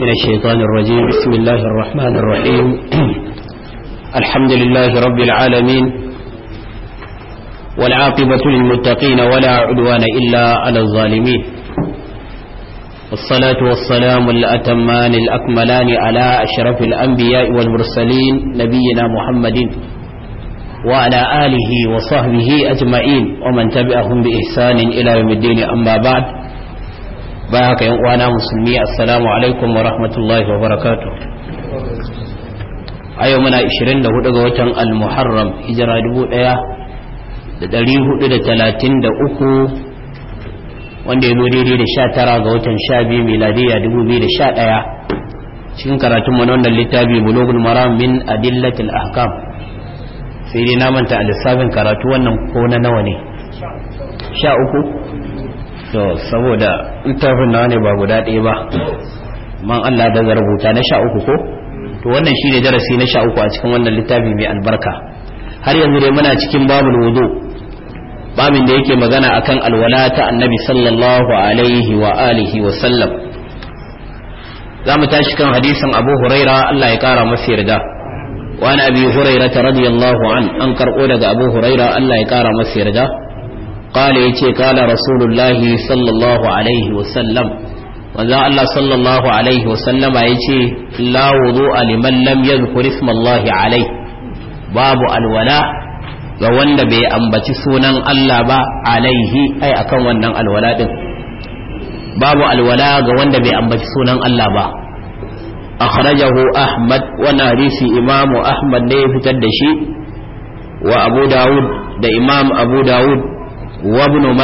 من الشيطان الرجيم بسم الله الرحمن الرحيم الحمد لله رب العالمين والعاقبة للمتقين ولا عدوان إلا على الظالمين والصلاة والسلام الأتمان الأكملان على أشرف الأنبياء والمرسلين نبينا محمد وعلى آله وصحبه أجمعين ومن تبعهم بإحسان إلى يوم الدين أما بعد bayan haka yan uwana musulmi assalamu alaikum wa rahmatullahi wa barakatuh a yau muna 24 ga watan al-muharram hijira 1433 wanda ya zo daidai da 19 ga watan 12 miladiya 2011 cikin karatun mu wannan littafi bulugul maram min adillatil ahkam sai dai na manta a lissafin karatu wannan ko na nawa ne 13 to saboda littafin nawa ne ba guda ɗaya ba man Allah da rubuta na sha uku ko to wannan shi ne darasi na sha uku a cikin wannan littafi mai albarka har yanzu dai muna cikin babul wudu babin da yake magana akan alwala ta annabi sallallahu alaihi wa alihi wa sallam za mu tashi kan hadisin abu huraira Allah ya kara masa yarda وعن أبي radiyallahu an an karɓo daga abu huraira Allah ya kara masa yarda. qala yace qala rasulullahi sallallahu alaihi wasallam manzo Allah sallallahu alaihi wasallama yace la wudu'a liman lam yadhkur ismallahi alaihi babu alwala ga wanda bai ambaci sunan Allah ba alaihi ai akan wannan alwala din babu alwala ga wanda bai ambaci sunan Allah ba akhrajahu ahmad wa hadisi imamu ahmad ne ya fitar da shi wa abu daud da imam abu daud wa ibn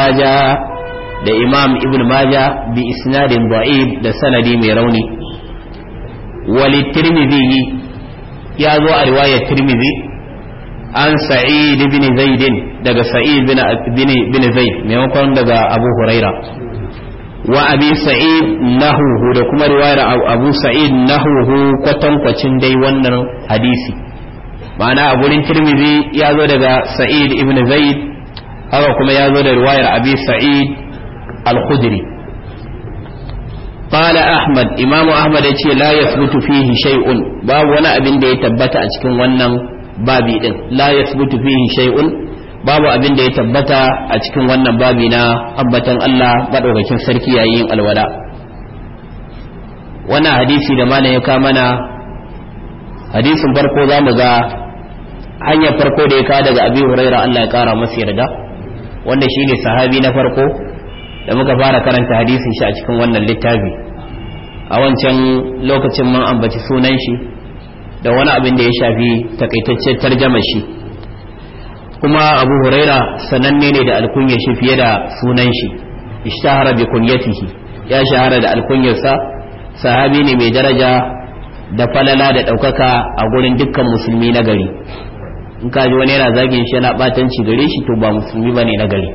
da imam ibn majah bi isnadin da'if da sanadi mai rauni Wali litirmidhi ya zo a riwayar tirmidhi an sa'id bin zaid daga sa'id bin zaid maimakon daga abu huraira wa abi sa'id nahuhu da kuma riwayar abu sa'id nahuhu kwatankwacin dai wannan hadisi ma'ana a gurin tirmizi ya zo daga sa'id ibn zaid haka kuma ya zo da riwayar abi sa'id al-khudri qala ahmad imamu ahmad ya ce la yasbutu fihi shay'un babu wani abin da ya tabbata a cikin wannan babi din la yasbutu fihi shay'un babu abin da ya tabbata a cikin wannan babi na ambatan Allah madaukakin sarki yayin alwala wannan hadisi da malam ya kama na hadisin farko za mu ga hanyar farko da ya kawo daga abi huraira Allah ya kara masa yarda wanda shine sahabi na farko da muka fara karanta hadisin shi a cikin wannan littafi a wancan lokacin mun ambaci sunan shi da wani abin da ya shafi takaitaccen tarjama shi kuma abu huraira sananne ne da alkunyar shi fiye da sunan shi ishtahara bi kunyatihi ya shahara da alkunyarsa sahabi ne mai daraja da falala da ɗaukaka a gurin dukkan musulmi na gari in ka ji wani yana zagin shi yana batanci gare shi to ba musulmi bane na gari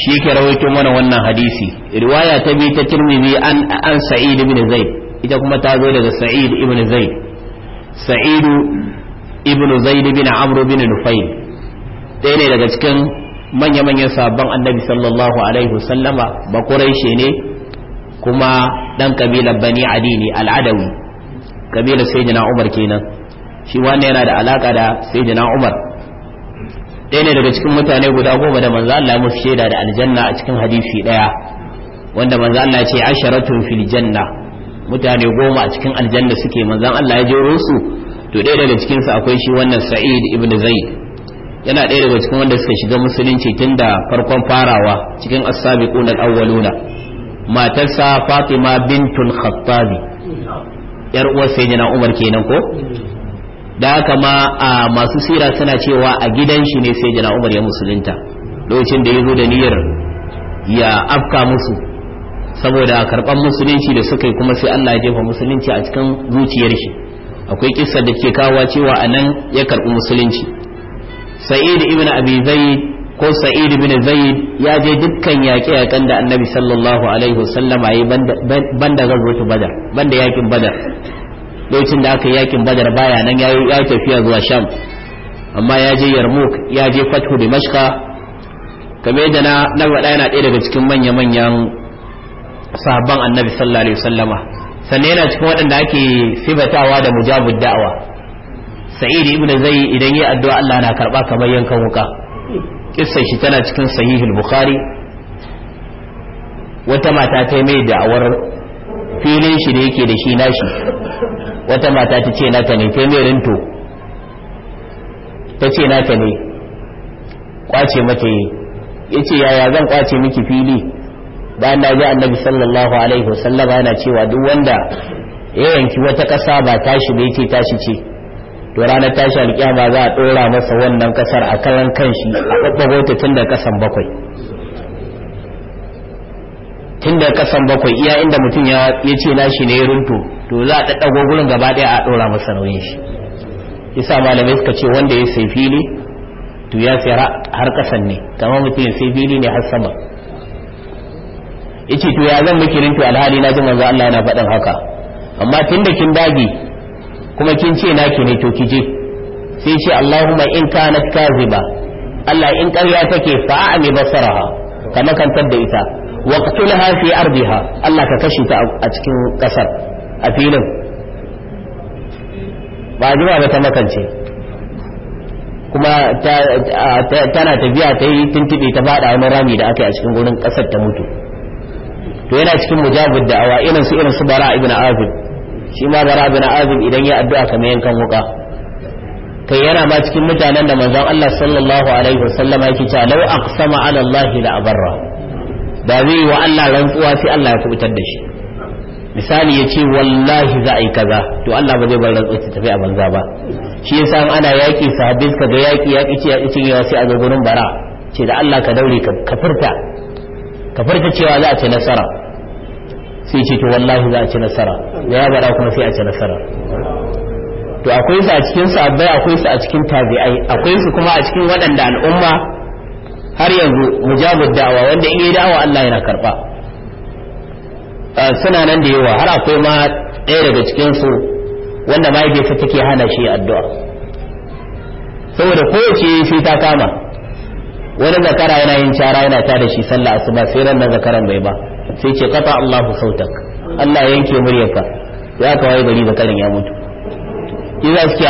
shi yake rawaito mana wannan hadisi riwaya ta bi ta tirmidhi an an sa'id ibn zaid ita kuma ta zo daga sa'id ibn zaid sa'id ibn zaid bin amr bin nufayl ɗaya ne daga cikin manya-manyan sabon annabi sallallahu alaihi wasallama ba quraishi ne kuma dan kabilar bani adi ne al'adawi kabilar sayyidina umar kenan shi wannan yana da alaka da sayyidina Umar ɗaya ne daga cikin mutane guda goma da manzo Allah mu shaida da aljanna a cikin hadisi daya wanda manzo Allah ya ce asharatun fil janna mutane goma a cikin aljanna suke manzo Allah ya jero su to ɗaya daga cikin su akwai shi wannan Sa'id ibn Zaid yana ɗaya daga cikin wanda suka shiga musulunci tun da farkon farawa cikin as-sabiqun al-awwaluna matarsa Fatima bintul Khattabi yar uwar sayyidina Umar kenan ko da haka ma a masu sira suna cewa a gidan shi ne sai jana umar ya musulunta lokacin da ya zo da niyyar ya afka musu saboda karban musulunci da suka yi kuma sai Allah ya jefa musulunci a cikin zuciyar shi akwai kissa da ke kawo cewa a nan ya karbi musulunci sa'id ibn abi zaid ko sa'id ibn zaid ya je dukkan yaƙe yaƙen da annabi sallallahu alaihi wasallama yayi banda banda gazwatu badar banda yaƙin badar lokacin da aka yakin badar baya nan ya yi tafiya zuwa sham amma ya je yarmouk ya je fathu da kamar yadda da na faɗa yana ɗaya daga cikin manya-manyan sahabban annabi sallallahu alaihi wasallama sannan yana cikin waɗanda ake sifatawa da mujabud da'awa sa'id ibn zai idan yi addu'a Allah na karba kamar yankan wuka kissar shi tana cikin sahihul bukhari wata mata ta mai da'awar filin shi da yake da shi nashi wata mata ta ce naka ne kai mai rinto ta ce naka ne kwace mata yi ya ce yaya zan kwace miki fili bayan na ji annabi sallallahu alaihi wasallama yana cewa duk wanda ya yanki wata ƙasa ba tashi ba ce tashi ce to ranar tashi alƙiyama za a ɗora masa wannan ƙasar a kallon kanshi a ɓaɓɓago ta tun da ƙasan bakwai tun da ƙasan bakwai iya inda mutum ya ce nashi ne ya runto to za a daddago gurin gaba ɗaya a ɗora masa nauyin shi yasa malamai suka ce wanda ya sai fili to ya sai har ƙasan ne kamar mutum ya sai fili ne har sama yace to ya zan miki rinto alhali na ji manzo Allah yana faɗin haka amma tunda kin dage kuma kin ce naki ne to ki je sai ce Allahumma in kanat kaziba Allah in ƙarya take fa'ami basaraha ka makantar da ita waqtulha fi ardiha Allah ka kashe ta a cikin ƙasar a filin ba a jima ba ta makance kuma tana tafiya ta yi tuntube ta bada wani rami da aka yi a cikin gurin ƙasar ta mutu to yana cikin mujabid da awa irin su irin su bara ibn azib shi ma bara ibn azib idan ya addu'a kamar yankan wuka kai yana ma cikin mutanen da manzon Allah sallallahu alaihi wasallam yake cewa law aqsama ala Allah la abarra da zai wa Allah rantsuwa sai Allah ya kubutar da shi misali ya ce wallahi za a yi kaza to Allah ba zai bar rantsuwa ta tafi a banza ba shi yasa ana yaki sahabbai ka ga yaki yaki ce yaki cinyewa sai a ga gurin bara ce da Allah ka daure ka furta kafirta cewa za a ci nasara sai ce to wallahi za a ci nasara da ya bara kuma sai a ci nasara to akwai su a cikin sahabbai akwai su a cikin tabi'ai akwai su kuma a cikin waɗanda al'umma har yanzu mujabud da'awa wanda in yi da'awa Allah yana karba Eh, suna nan da yawa har akwai ma ɗaya daga cikinsu wanda mahaifiyarsa take hana shi addu'a saboda kowace sai ta kama wani zakara yana yin cara yana ta da shi sallah asuba sai ran nan zakaran bai ba sai ce kafa Allahu sautak Allah yanke muryarka ya ka waye bari zakarin ya mutu idan suke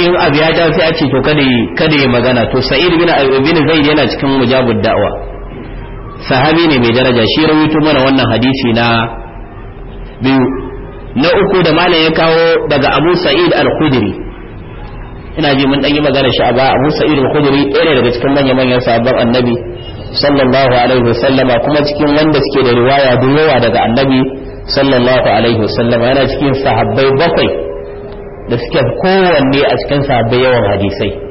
in abu ya dawo sai a ce to kada yi kada yi magana to sa'id bin bin zaid yana cikin mujabud da'wa sahabi ne mai daraja shi rawaito mana wannan hadisi na biyu na uku da malam ya kawo daga Abu Sa'id al-Khudri ina ji mun dan yi magana shi a ba Abu Sa'id al-Khudri ɗaya daga cikin manyan manyan sahabban Annabi sallallahu alaihi wasallama kuma cikin wanda suke da riwaya da yawa daga Annabi sallallahu alaihi wasallama yana cikin sahabbai bakwai da suke kowanne a cikin sahabbai yawan hadisai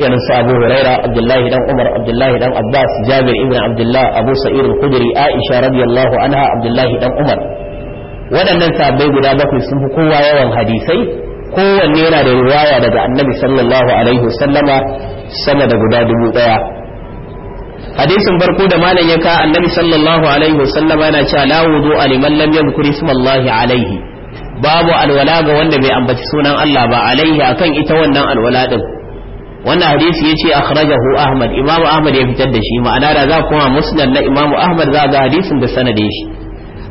irin su Abu Huraira Abdullahi dan Umar Abdullahi dan Abbas Jabir ibn Abdullah Abu Sa'id al-Khudri Aisha radiyallahu anha Abdullahi dan Umar waɗannan sahabbai guda bakwai sun fi kowa yawan hadisai kowanne yana da riwaya daga Annabi sallallahu alaihi wasallama sama da guda dubu daya hadisin farko da malam ya ka annabi sallallahu alaihi wasallama yana cewa la wudu aliman lam yadhkur ismallahi alaihi babu alwala ga wanda bai ambaci sunan Allah ba alaihi akan ita wannan alwala din wannan hadisi ya yace akhrajahu ahmad imam ahmad ya fitar da shi ma'ana da za koma musnad na imam ahmad za ga hadisin da sanade shi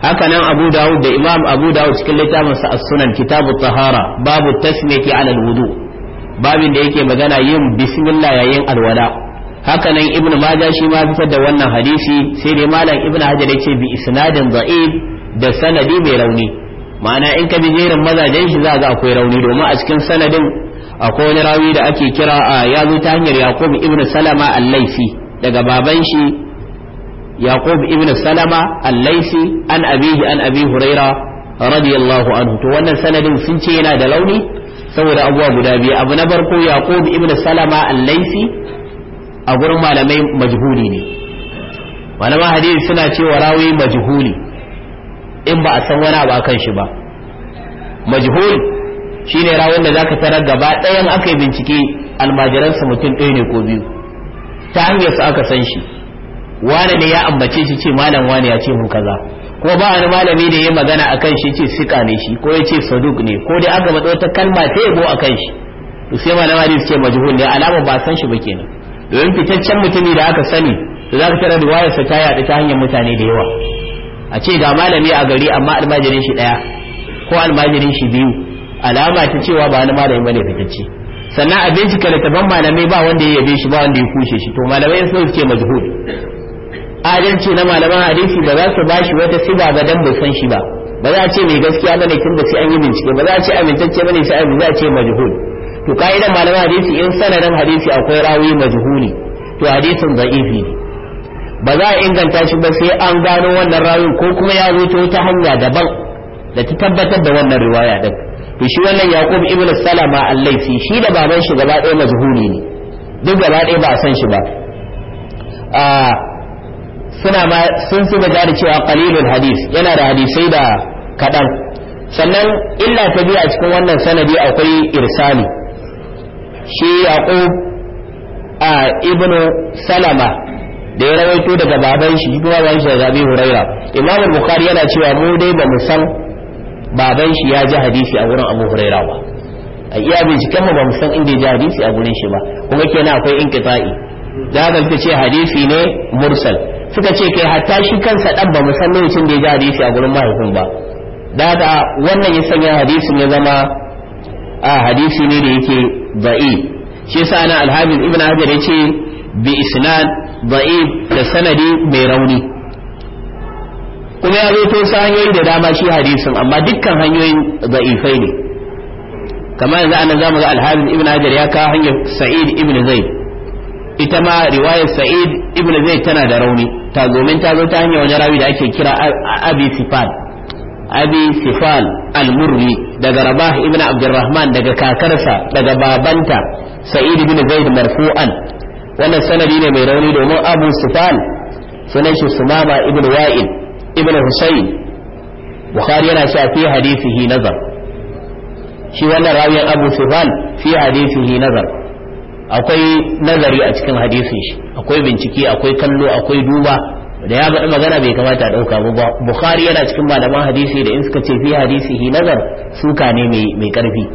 haka nan abu dawud da imam abu dawud cikin littafin sa as-sunan kitabu tahara babu tasmiyati ala al-wudu babin da yake magana yin bismillah yayin alwala haka nan ibnu majah shi ma fitar da wannan hadisi sai dai malam ibnu hajar yace bi isnadin da'if da sanadi mai rauni ma'ana in ka bi jerin mazajen shi za ga akwai rauni domin a cikin sanadin akwai wani rawi da ake kira a ya zo ta hanyar yaqub ibn salama al-laisi daga baban shi yaqub ibn salama al-laisi an abihi an abi huraira radiyallahu anhu to wannan sanadin sun ce yana da launi saboda abuwa guda biyu abu na barko yaqub ibn salama al-laisi a gurin malamai majhuli ne malaman hadisi suna cewa rawi majhuli in ba a san wani ba kan shi ba majhul Shi ne rawar da zaka tarar gaba ɗayan aka yi bincike almajiransa mutum ɗaya ne ko biyu ta hanyar su aka san shi wane ne ya ambace shi ce malam wane ya ce mun kaza ko ba wani malami da ya magana akan shi ce sika ne shi ko ya ce saduk ne ko dai aka matsa wata kalma ta yabo akan shi to sai malama ne ce majhul ne alama ba san shi ba kenan domin fitaccen mutumi da aka sani da zaka tarar wayarsa ta yaɗu ta hanyar mutane da yawa a ce ga malami a gari amma almajirin shi ɗaya ko almajirin shi biyu alama ta cewa ba wani malami bane fitacce sannan a bincika littafan malamai ba wanda ya yabe shi ba wanda ya kushe shi to malamai sun ce majhul adalci na malaman hadisi ba za su bashi wata siba ga dan bai san shi ba ba za a ce mai gaskiya bane kin da sai an yi bincike ba za a ce amintacce bane sai an za a ce majhul to kaidan malaman hadisi in sanadin hadisi akwai rawi majhuli to hadisin za'ifi ne ba za a inganta shi ba sai an gano wannan rawin ko kuma ya zo ta wata hanya daban da ta tabbatar da wannan riwaya din to shi wannan yaqub ibn salama al-laisi shi da baban shi gaba ɗaya mazhuri ne duk gaba ɗaya ba a san shi ba suna ma sun su da cewa qalilul hadis yana da hadisai da kaɗan sannan illa ta biyu a cikin wannan sanadi akwai irsali shi yaqub a ibn salama da ya rawaito daga baban shi ibn baban shi da abi huraira imam bukhari yana cewa mu dai ba mu san baban shi ya ji hadisi a wurin abu huraira ba a iya binciken mu ba san inda ya ji hadisi a gurin shi ba kuma kenan akwai inqita'i da suka ce hadisi ne mursal suka ce kai hatta shi kansa dan ba san lokacin da ya ji hadisi a gurin mahaifin ba da ga wannan ya sanya hadisin ya zama a hadisi ne da yake da'i shi yasa na alhamis ibn hajar yace bi isnad da'if da sanadi mai rauni kuma ya zo ta hanyoyi da dama shi hadisin amma dukkan hanyoyin za'ifai ne kamar yanzu anan zamu ga alhamis ibn hajar ya kawo hanyar sa'id ibn zaid ita ma riwayar sa'id ibn zaid tana da rauni ta ta zo ta hanyar wani rawi da ake kira abi sifal abi sifal al-murri daga rabah ibn abdurrahman daga kakarsa daga babanta sa'id ibn zaid marfu'an wannan sanadi ne mai rauni domin abu sifal sunan shi sumama ibn wa'il ibn husayn bukhari yana cewa fi hadithihi nazar shi wannan rawiyan abu shubal fi hadithihi nazar akwai nazari a cikin hadisin shi akwai bincike akwai kallo akwai duba da ya faɗi magana bai kamata a ɗauka ba bukhari yana cikin malaman hadisi da in suka ce fi hadisihi nazar suka ne mai ƙarfi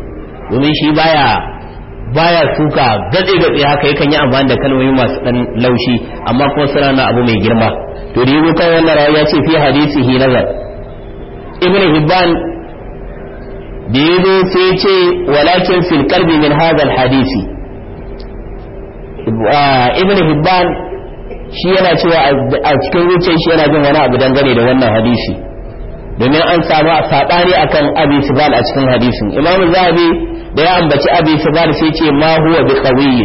domin shi baya baya suka gatse gatse haka yakan yi amfani da kalmomi masu dan laushi amma kuma suna na abu mai girma to da yau kan wannan rawi ya ce fi hadisihi nazar ibn hibban da ya sai ya ce walakin fil qalbi min hadha al hadisi ah, ibn hibban shi yana cewa a cikin zuciyar shi yana jin wani abu dangane da wannan hadisi domin an samu a saɓani akan abi sufal a cikin hadisin imamu zahabi da ya ambaci abi shigar sai ce ma huwa bi qawiy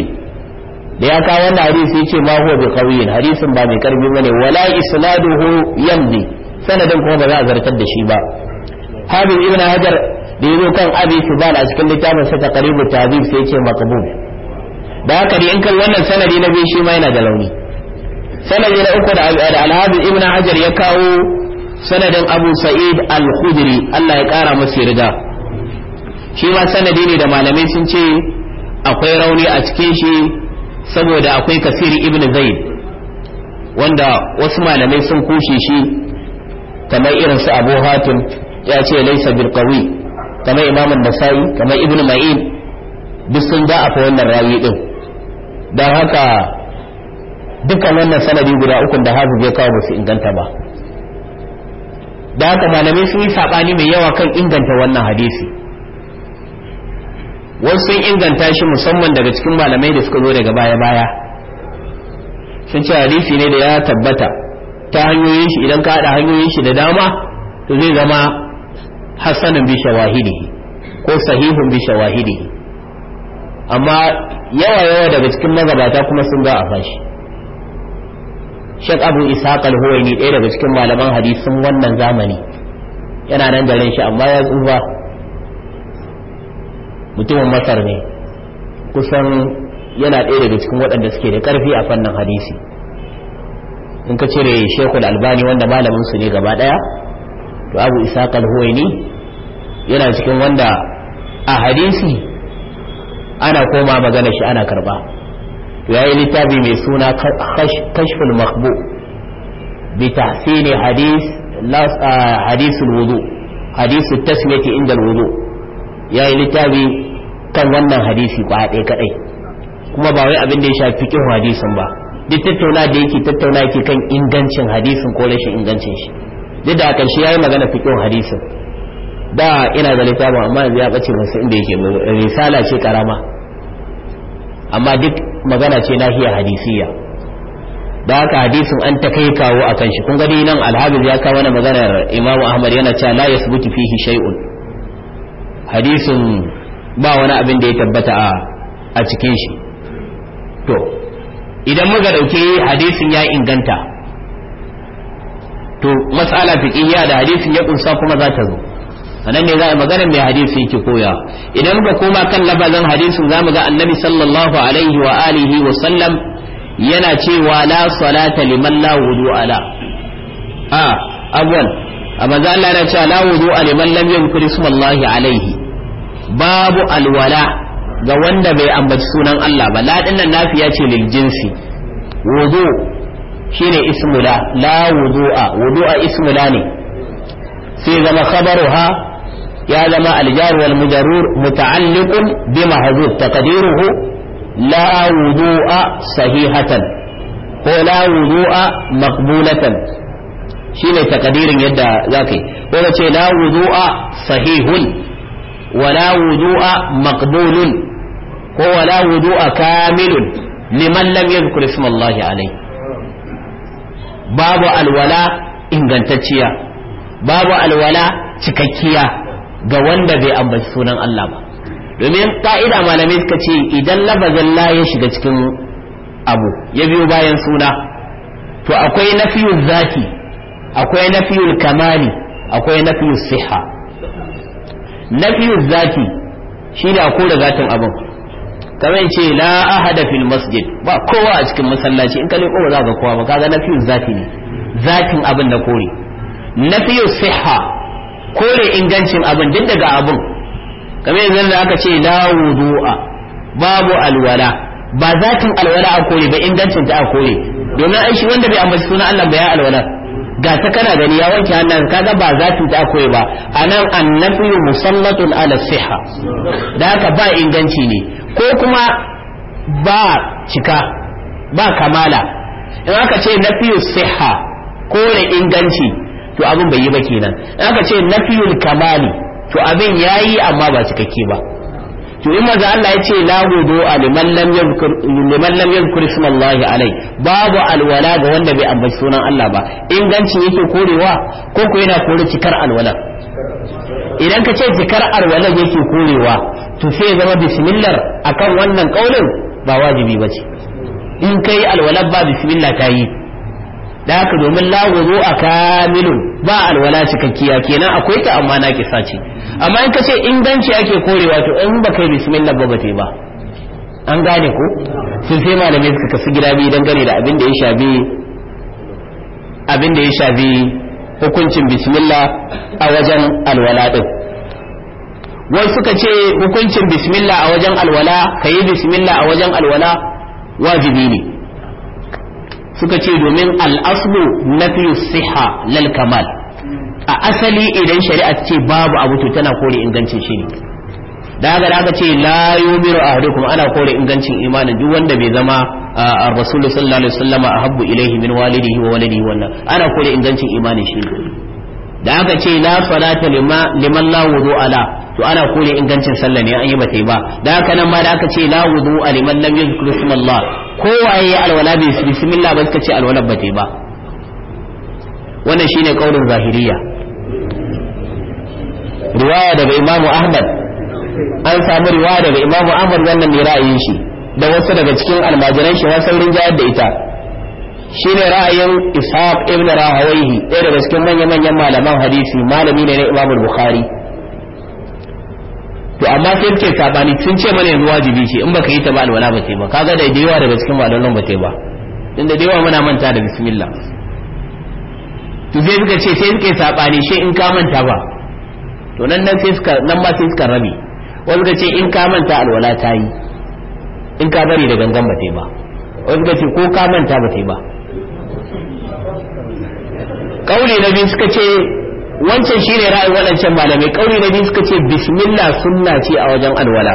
da ya kawo wannan hadisi sai ce ma huwa bi qawiy hadisin ba mai karfi bane wala isnaduhu yamdi sanadin kuma ba za a zartar da shi ba hadin ibn hajar da yazo kan abi shigar a cikin littafin sa taqribu tahdhib sai ce maqbul da haka dai in kan wannan sanadi na biyu shi ma yana da launi sanadi na uku da al-habib ibn hajar ya kawo sanadin abu sa'id al-khudri Allah ya kara masa yarda shi ma sanadi ne da malamai sun ce akwai rauni a cikin shi saboda akwai kasiri ibn zaid wanda wasu malamai sun kushe shi kamar irin su abu hatim ya ce laisa bil qawi kamar imam an-nasai kamar ibn ma'in duk sun ga akwai wannan rawi din dan haka dukkan wannan sanadi guda ukun da hafi zai kawo ba su inganta ba da haka malamai sun yi sabani mai yawa kan inganta wannan hadisi wasu sun inganta shi musamman daga cikin malamai da suka zo daga baya-baya sun ce hadisi ne da ya tabbata ta hanyoyin shi idan ka haɗa hanyoyin shi da dama to zai zama hassanin bi shawahidihi ko sahihun bi shawahidihi amma yawa yawa daga cikin magabata kuma sun ga a fashi Sheikh Abu Ishaq al-Huwaini ɗaya daga cikin malaman hadisin wannan zamani yana nan garin shi amma ya tsufa mutumin masar ne kusan yana ɗaya daga cikin waɗanda suke da ƙarfi a fannin hadisi in ka cire shekul albani wanda malamin su ne gaba ɗaya to abu isa kalhuwaini yana cikin wanda a hadisi ana koma magana shi ana karba to ya yi littafi mai suna kashful makbu bi tahsini hadis ah, hadisul wudu hadisul tasmiyati inda wudu ya yi littafi kan wannan hadisi ba ɗaya kaɗai kuma ba wai abin da ya shafi fikin hadisin ba duk tattauna da yake tattauna yake kan ingancin hadisin ko rashin ingancin shi duk da a ya yi magana fikin hadisin da ina da littafin amma yanzu ya ɓace masu inda yake risala ce karama amma duk magana ce nahiya hadisiya da haka hadisin an ta kai kawo a kan shi kun gani nan alhabib ya kawo mana maganar imamu ahmad yana cewa la yasbutu fihi shay'un hadisin ba wani abin da ya tabbata a cikin shi to idan muka dauke hadisin ya inganta to matsala fiqhiyya da hadisin ya kunsa kuma za ta zo anan ne za a magana mai hadisi yake koya idan muka koma kan labarin hadisin mu ga annabi sallallahu alaihi wa alihi wa sallam yana cewa la salata liman la wudu ala a abwan a maza Allah cewa la wudu a liman lam yadhkuri alaihi babu alwala ga wanda bai ambaci sunan Allah ba la dinnan nafiya ce lil jinsi wudu shine ismu la la wudu'a wudu'a ismu la ne sai zama khabaruha ya zama aljar wal mujarrur muta'alliqun bi mahzuf taqdiruhu la wudu'a sahihatan ko la wudu'a maqbulatan shine takadirin yadda za ka yi ko ka ce la wudu'a sahihun wala wudu'a maqbulun ko wala wudu'a kamilun liman lam yadhkur ismallahi alai babu alwala ingantacciya babu alwala cikakkiya ga wanda bai ambaci sunan Allah ba domin ka'ida malamai suka ce idan lafazin la ya shiga cikin abu ya biyo bayan suna to akwai nafiyu zati akwai nafiyul kamali akwai nafiyul siha nafiyul zati shi da kore zatin abin kamar ce la ahada fil masjid ba kowa a cikin masallaci in ka leko ba za ka kowa ba kaga nafiyul zati ne zatin abin da kore nafiyul siha kore ingancin abin duk daga abin kamar yanzu da aka ce la wudu'a babu alwala ba zatin alwala a kore ba ingancin ta a kore domin an shi wanda bai ambaci sunan Allah ba ya alwala ga ta kana gani ya wanke hannun kaga ba za ta akwai ba anan annabi musallatun ala siha da haka ba inganci ne ko kuma ba cika ba kamala in aka ce nafiyu siha kore inganci to abin bai yi ba kenan in aka ce nafiyu kamali to abin yayi amma ba cikakke ba to in maza Allah ya ce la hudu a liman lam yadhkur isma Allah alai babu alwala ga wanda bai ambaci sunan Allah ba inganci yake korewa ko ko yana kore cikar alwala idan ka ce cikar alwala yake korewa to sai zama zama bismillah akan wannan kaulin ba wajibi bace in kai alwala ba bismillah ta yi da haka domin lagozo a kamilu ba alwala cikakkiya kenan akwai ta amma na kisa ce amma in kace inganci ake korewa to in ba kai bismillah ba bace ba an gane ko sun sai malamai suka kasu gida biyu dangane da abin da ya shafi abin da ya shafi hukuncin bismillah a wajen alwala din wai suka ce hukuncin bismillah a wajen alwala kayi bismillah a wajen alwala wajibi ne suka ce domin al'aslu fi siha lal kamal a asali idan shari'a ce babu abu to tana kore ingancin shi ne da haka da ce la yumiru ahadukum ana kore ingancin imanin duk wanda bai zama rasulullahi sallallahu alaihi wasallam ahabbu ilaihi min walidihi wa waladihi wannan ana kore ingancin imanin shi da aka ce la salata liman la wudu ala to ana kore ingancin sallah ne an yi ba ba da aka nan ma da aka ce la wudu a liman lam yuzkur ismallah kowaye ya alwala bi bismillah ba suka ce alwala bata ba wannan shine kaulin zahiriya riwaya daga Imam ahmad an samu riwaya daga Imam ahmad wannan ne ra'ayin shi da wasu daga cikin almajiran shi wasan rinjayar da ita Shi ne ra'ayin ishaq ibn Rahawaihi ɗaya daga cikin manyan manyan malaman hadisi malami ne na imamul bukhari to amma sai ce sabani sun ce mana yanzu wajibi ce in baka yi ta ba alwala ba ba kaga da yawa daga cikin malaman ba ba inda da yawa muna manta da bismillah to sai suka ce sai suka yi sabani shi in ka manta ba to nan nan sai suka nan ma sai suka rabi wasu suka ce in ka manta alwala ta yi in ka bari da gangan ba ba wasu suka ce ko ka manta ba ba kauli na biyu suka ce wancan shine ra'ayin waɗancan malamai kauli na biyu suka ce bismillah sunna ce a wajen alwala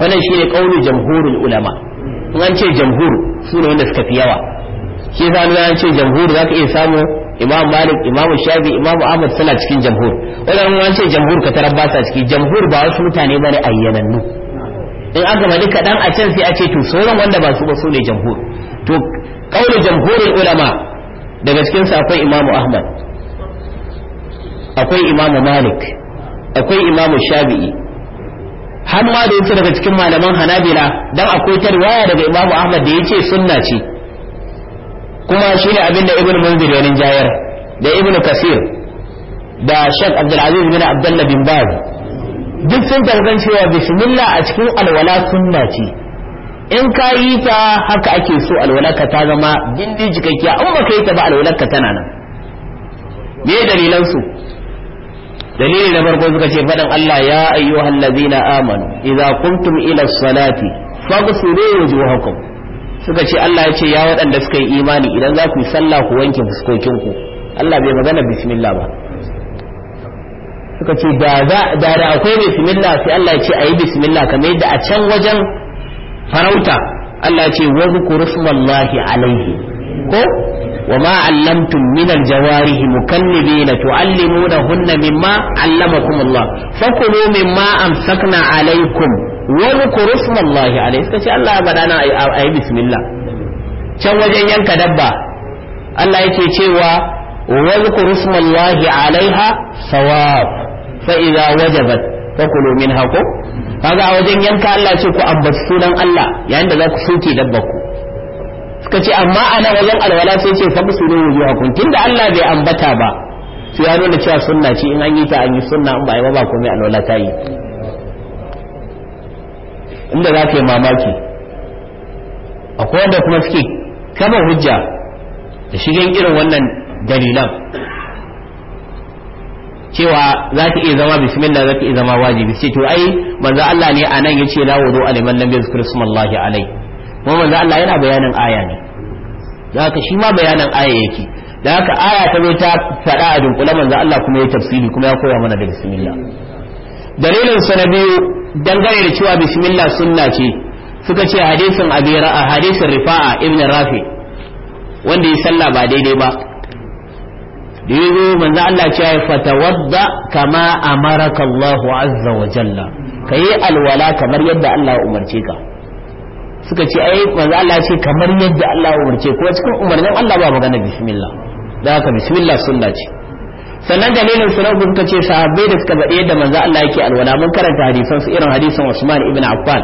wannan shine kauli jamhurul ulama an ce jamhur su ne wanda suka fi yawa shi yasa an ce jamhur ka iya samu imam malik imam shafi imam ahmad suna cikin jamhur wadannan an ce jamhur ka tarar ba sa ciki jamhur ba wasu mutane bane ayyanannu in aka bari kaɗan a can sai a ce to sauran wanda ba su ba su ne jamhur to ƙaunin jamhurin ulama daga cikinsa akwai imamu ahmad akwai imamu malik akwai imamu shabii har ma da yake daga cikin malaman hanabila dan akwai tarwaya daga imamu ahmad da ce sunna ce kuma shine abin da ibn munzir ya jayar da ibnu kasir da shek abdulaziz bin abdullah bin baz duk sun targan cewa bismillah a cikin alwala sunna ce in ka yi ta haka ake so alwalarka ta zama dindi jikakkiya in baka yi ta ba alwalarka tana nan me dalilan su dalili na farko suka ce faɗin Allah ya ayyuhal ladzina amanu idza qumtum ila salati faghsilu wujuhakum suka ce Allah ya ce ya waɗanda suka yi imani idan za ku yi sallah ku wanke fuskokinku Allah bai magana bismillah ba suka ce da da akwai bismillah sai Allah ya ce ayi bismillah kamar yadda a can wajen farauta Allah ce wa zukuru smallahi alaihi ko wa ma allamtum min aljawarihi mukallibina tuallimuna hunna mimma allamakum Allah fakulu mimma amsakna alaikum wa zukuru smallahi alaihi kace Allah ya bada na ayi bismillah can wajen yanka dabba Allah yake cewa واذكر اسم الله عليها ثواب فإذا وجبت فكلوا منها كم kaga a wajen yanka Allah ce ku ambaci sunan Allah yayin da za ku soke dabbar ku suka ce amma a nan wajen alwala sai ce faɗi su ne wujuhakum tunda Allah bai ambata ba sai ya nuna cewa sunna ce in an yi ta an yi sunna in ba yi ba komai alwala ta yi inda za ka yi mamaki akwai wanda kuma suke kama hujja da shigen irin wannan dalilan cewa za ta iya zama bismillah za ta iya zama wajibi sai to ai manzo Allah ne anan yace la wudu aliman lam yazkur ismallahi alai kuma manzo Allah yana bayanin aya ne da haka shi ma bayanin aya yake da haka aya ta zo ta faɗa a dunkule manzo Allah kuma ya tafsiri kuma ya koya mana da bismillah dalilin sa na biyu dangane da cewa bismillah sunna ce suka ce hadisin abira a hadisin rifa'a ibn rafi wanda ya sallah ba daidai ba da ya zo manzo Allah ce ya fatawadda kama amaraka Allahu azza wa jalla kayi alwala kamar yadda Allah ya umarce ka suka ce ai manzo Allah ce kamar yadda Allah ya umarce ko cikin umarnin Allah ba magana bismillah da haka bismillah sunna ce sannan dalilin su rabu suka ce sahabbai da suka bade yadda manzo Allah yake alwala mun karanta hadisan su irin hadisan Usman ibn Affan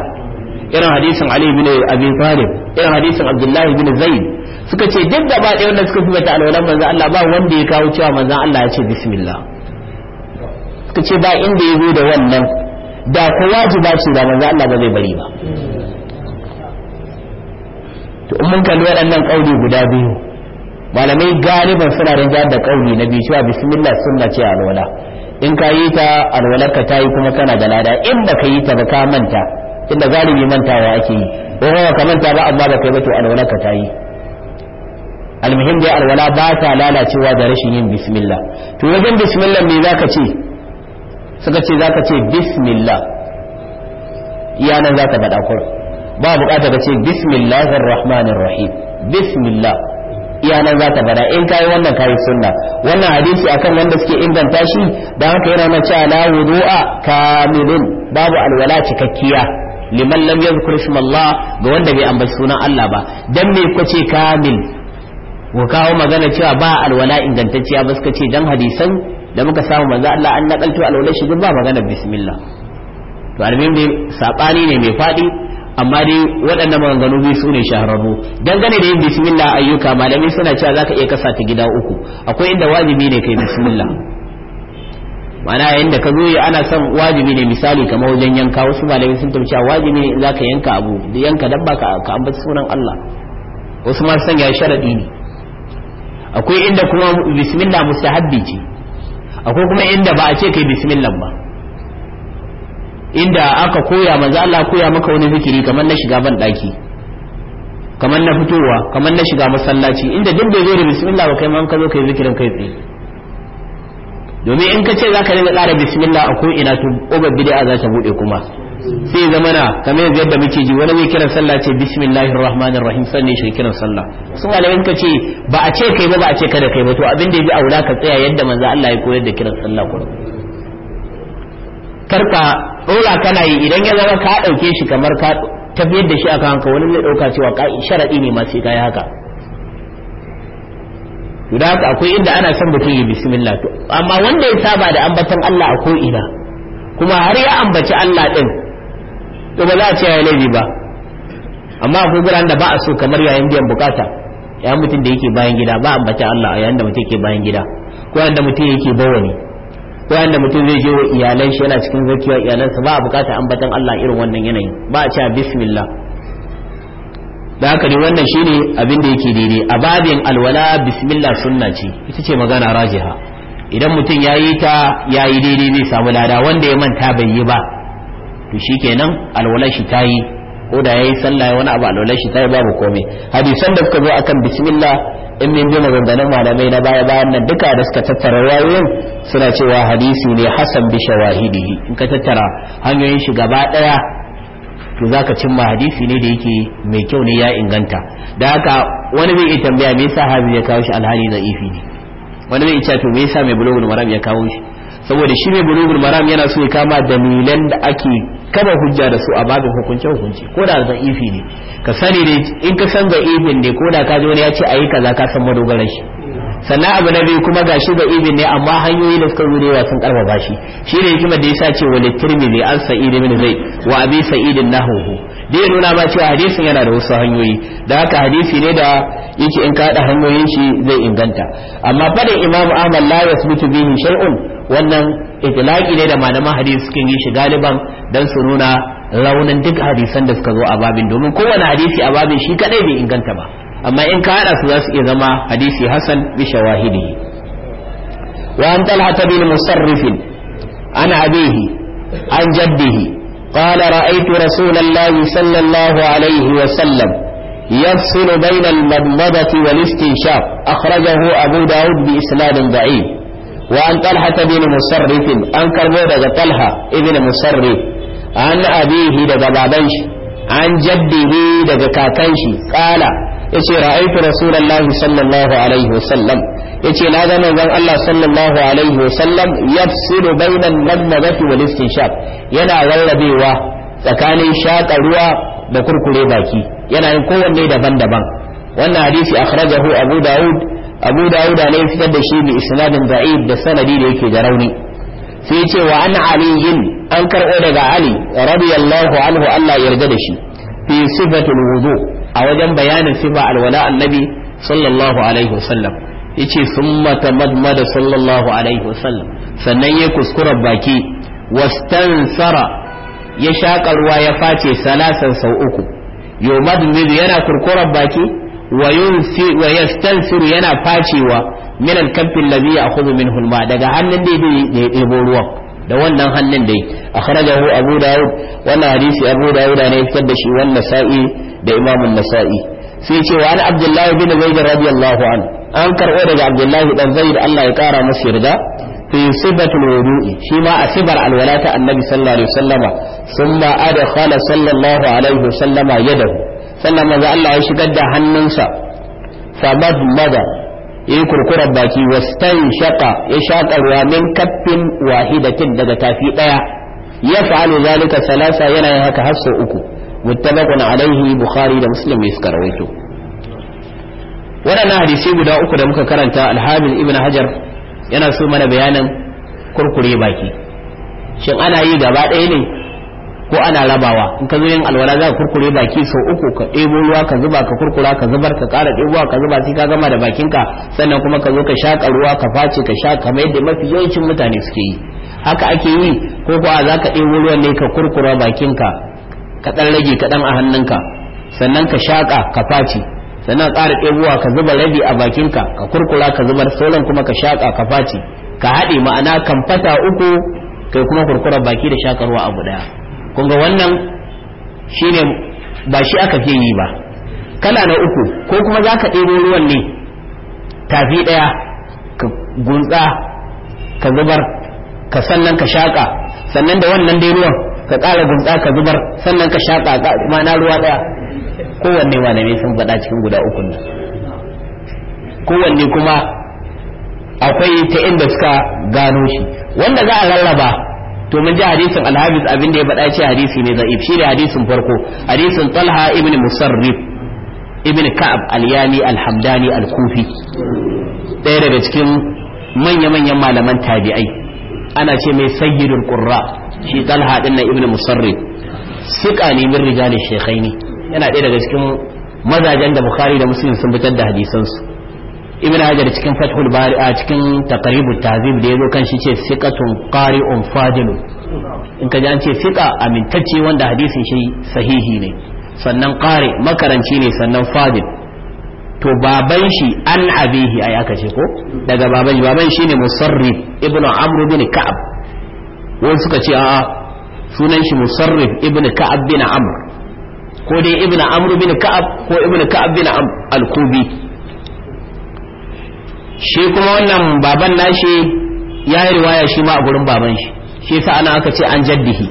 irin hadisan Ali ibn Abi Talib irin hadisan Abdullah ibn Zaid suka ce duk da ba wanda suka fi bata alwalan manzan Allah ba wanda ya kawo cewa manzan Allah ya ce bismillah suka ce ba inda ya zo da wannan da ko wajiba ce da manzan Allah ba zai bari ba to in mun kalli waɗannan kauri guda biyu malamai galiban suna rinjar da kauri na biyu cewa bismillah sunna ce alwala in ka yi ta alwalarka ta yi kuma kana da lada in ka yi ta ba ka manta inda galibi mantawa ake yi ko ka manta ba amma ba kai ba to alwalarka ta yi almuhim dai alwala ba ta lalacewa da rashin yin bismillah to wajen bismillah me zaka ce suka ce zaka ce bismillah iya nan zaka faɗa kur ba bukata ka ce bismillahir rahmanir rahim bismillah iya nan zaka faɗa in kai wannan kai sunna wannan hadisi akan wanda suke inganta shi da haka yana na cewa la wudu'a babu alwala cikakkiya liman lam yadhkur isma ga wanda bai ambaci sunan Allah ba dan me kwace kamil mu kawo magana cewa ba alwala ingantacciya ba suka ce dan hadisan da muka samu manzo Allah an nakalto alwala shi ba magana bismillah to almin dai sabani ne mai fadi amma dai waɗannan maganganu biyu su ne shahararru dangane da yin bismillah ayyuka malami suna cewa zaka iya kasa ta gida uku akwai inda wajibi ne kai bismillah mana yayin da ka zo ana son wajibi ne misali kamar wajen yanka wasu malami sun tafi cewa wajibi ne zaka yanka abu da yanka dabba ka ambata sunan Allah wasu ma sanya sharadi ne akwai inda kuma bismillah mustahabbi ce akwai kuma inda ba a ce kai bismillah ba inda aka koya manzo Allah koya maka wani zikiri kamar na shiga ban daki kamar na fitowa kamar na shiga masallaci inda duk bai zo da bismillah ba kai ma ka zo kai zikirin kai tsaye domin in ka ce za ka rinka tsara bismillah a ko ina to obar bid'a za ta bude kuma sai zama na kamar yadda muke ji wani zai kira sallah ce bismillahir rahmanir rahim sanne shi kira sallah su malamin ka ce ba a ce kai ba ba a ce kada kai ba to abin da ya bi aura ka tsaya yadda manzo Allah ya koyar da kira sallah ku karka dora kana yi idan ya zama ka dauke shi kamar ka tafiyar da shi kan ka wani zai dauka cewa ka sharadi ne ma sai kai haka da haka akwai inda ana son mutum yi bismillah to amma wanda ya saba da ambaton Allah a ko ina kuma har ya ambaci Allah din to ba za a ce ya laifi ba amma akwai guran da ba a so kamar yayin biyan bukata ya mutum da yake bayan gida ba a ambata Allah yayin da mutum yake bayan gida ko yayin da mutum yake bawani ko yayin da mutum zai je wa iyalan shi yana cikin zakiya iyalansa ba a bukata ambatan Allah irin wannan yanayi ba a ce bismillah da haka ne wannan shine abin da yake daidai a babin alwala bismillah sunna ce ita ce magana rajiha idan mutum ya yi ta yayi daidai bai samu lada wanda ya manta bai yi ba to shikenan alwalar shi tayi ko da yayi sallah wani abu alwalar shi tayi babu komai hadisan da suka zo akan bismillah in min jima zanzanin malamai na baya bayan nan duka da suka tattara wayoyin suna cewa hadisi ne hasan bi shawahidihi in ka tattara hanyoyin shi gaba daya to zaka cimma hadisi ne da yake mai kyau ne ya inganta da haka wani zai iya tambaya me yasa hadisi ya kawo shi alhali za'ifi ne wani zai iya to me yasa mai bulugul maram ya kawo shi saboda shi ne bulugul maram yana so ya kama dalilan da ake kama hujja da su a babin hukunce hukunci ko da za'ifi ne ka sani ne in ka san za'ifin ne ko da ka ji wani ya ce ayi kaza ka san madogaran shi sannan abu na biyu kuma gashi ibin ne amma hanyoyi da suka wa sun karfafa shi shi ne hikimar da yasa ce wa littirmidhi an sa'id ibn zai wa abi sa'id nahuhu dai nuna ma cewa hadisin yana da wasu hanyoyi da haka hadisi ne da yake in ka hada hanyoyin shi zai inganta amma fadin imamu ahmad la yasbutu bihi shay'un wannan itilaki ne da malaman hadisi suke yi shi galiban dan su nuna raunin duk hadisan da suka zo a babin domin kowane hadisi a babin shi kadai bai inganta ba amma in ka hada su za su iya zama hadisi hasan bi shawahidi wa an talha bin musarrif ana abihi an jaddihi قال رأيت رسول الله صلى الله عليه يفصل بين المضمضة والاستنشاق أخرجه أبو داود بإسناد ضعيف وعن طلحة بن مصرف أنكر مودة طلحة ابن مصرف عن أبيه دقى بابنش عن جده دقى كاكنش قال yace ra'aytu rasulullahi sallallahu alaihi wasallam yace na ga manzon Allah sallallahu alaihi wasallam yafsilu bainan nadmadati wal istinshaq yana rarrabewa tsakanin shaka ruwa da kurkure baki yana yin kowanne daban-daban wannan hadisi akhrajahu abu daud abu dawuda ne fitar da shi bi isnadin da'if da sanadi da yake da rauni sai ce ana an yin an karɓo daga ali radiyallahu anhu Allah yarda da shi fi sifatul wudu a wajen bayanin sifa alwala annabi sallallahu alaihi wasallam yace summa tamadmada sallallahu alaihi wasallam sannan ya kuskura baki Wastan Sara ya shaƙa ruwa ya face salasan sau uku yomadmid yana kurkurar baki wa yastansiru yana facewa min al-kamfin ladhi ya'khudhu minhu al daga hannun da ya ɗebo ruwan da wannan hannun dai akhrajahu abu daud wannan hadisi abu daud ne fitar da shi wannan sa'i da imam nasai sai ce wa an abdullahi bin zaid radiyallahu an an karɓo daga abdullahi dan da Allah ya kara masa yarda fi sibatul wudu'i shi ma a sibar alwala ta annabi sallallahu alaihi wasallama thumma adkhala sallallahu alaihi wasallama yadahu sannan maza Allah ya shigar da hannunsa fa ya yi kurkurar baki wastan shaqa ya shaƙa ruwa min kaffin wahidatin daga tafi daya ya fa'alu zalika salasa yana yin haka har sau uku muttafaqun alaihi bukhari da muslim ya suka rawaito waɗannan hadisi guda uku da muka karanta alhamis ibn hajar yana so mana bayanin kurkure baki shin ana yi gaba ɗaya ne ko ana rabawa in ka zo yin alwala za ka kurkure baki sau uku ka ɗebo ruwa ka zuba ka kurkura ka zubar ka ƙara ɗebowa ka zuba sai ka gama da bakinka sannan kuma ka zo ka shaƙa ruwa ka face ka sha kamar yadda mafi yawancin mutane suke yi haka ake yi ko kuwa za ka ɗebo ruwan ne ka kurkura bakinka ka ɗan rage kaɗan a hannunka sannan ka shaƙa ka face sannan ƙara ɗebowa ka zuba rabi a bakinka ka kurkura ka zubar sauran kuma ka shaƙa ka face ka haɗe ma'ana kamfata uku kai kuma kurkura baki da shakarwa abu ɗaya kun ga wannan shine ba shi aka fi yi ba Kana na uku ko kuma za ka ɗebo ruwan ne tafi ɗaya ka gunsa ka zubar ka sannan ka shaƙa sannan da wannan dai ruwan ka ƙara gunsa ka zubar sannan ka shaƙa na ruwa ɗaya kowanne malamai sun faɗa cikin guda uku nan kowanne kuma akwai ta inda suka gano shi wanda za a rarraba to mun ji hadisin alhabis abin da ya faɗa ce hadisi ne za'if shi ne hadisin farko hadisin talha ibn musarrif ibn ka'ab al-yami al-hamdani al-kufi ɗaya daga cikin manya-manyan malaman tabi'ai ana ce mai sayyidul qurra shi talha din na ibn musarrif suka ne min rijalin shekhaini yana ɗaya daga cikin mazajen da bukhari da muslim sun fitar da hadisansu ibn hajar cikin fathul bari a cikin taqribut tahzib da yazo kan shi ce siqatun qari'un fadilu in ka ji an ce siqa amintacce wanda hadisin shi sahihi ne sannan qari makaranci ne sannan fadil to baban shi an abihi ai aka ce ko daga baban shi baban shi ne musarrif ibn amr bin ka'ab wani suka ce a'a sunan shi musarrif ibn ka'ab bin amr ko dai ibn amr bin ka'ab ko ibn ka'ab bin al-kubi shi kuma wannan baban nashi ya yi riwaya shi ma a gurin baban shi shi yasa ana aka ce an jaddihi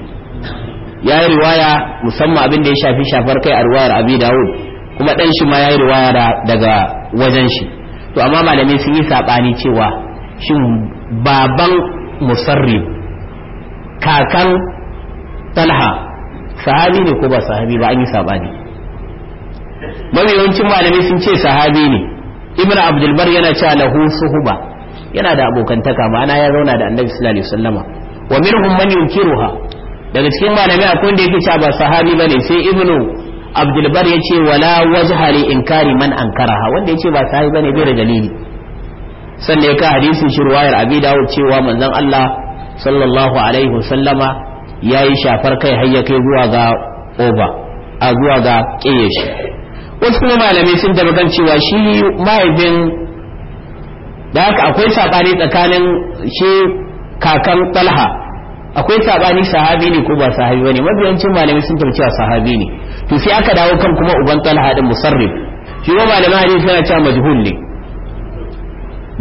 ya yi riwaya musamman abin da ya shafi shafar kai a riwayar abi dawud kuma dan shi ma ya yi riwaya daga wajen shi to amma malamai sun yi sabani cewa shin baban musarrib kakan talha sahabi ne ko ba sahabi ba an yi sabani mafi yawancin malamai sun ce sahabi ne ibnu Abdulbar bar yana cewa lahu suhuba yana da abokantaka ma'ana ya zauna da annabi sallallahu alaihi wasallama wa minhum man yunkiruha daga cikin malamai akwai wanda yake cewa ba sahabi bane sai ibnu Abdulbar bar yace wala wajha li inkari man ankaraha wanda yace ba sahabi bane bai da dalili sannan ya ka hadisin shi ruwayar abi dawud cewa manzon Allah sallallahu alaihi wasallama yayi shafar kai har ya kai zuwa ga oba a zuwa ga kiyeshi wasu kuma malamai sun da kan cewa shi mahaifin da haka akwai sabani tsakanin shi kakan talha akwai sabani sahabi ne ko ba sahabi ne mabiyancin malamai sun tafi cewa sahabi ne to sai aka dawo kan kuma uban talha din musarrif shi ma malamai hadisi suna cewa majhul ne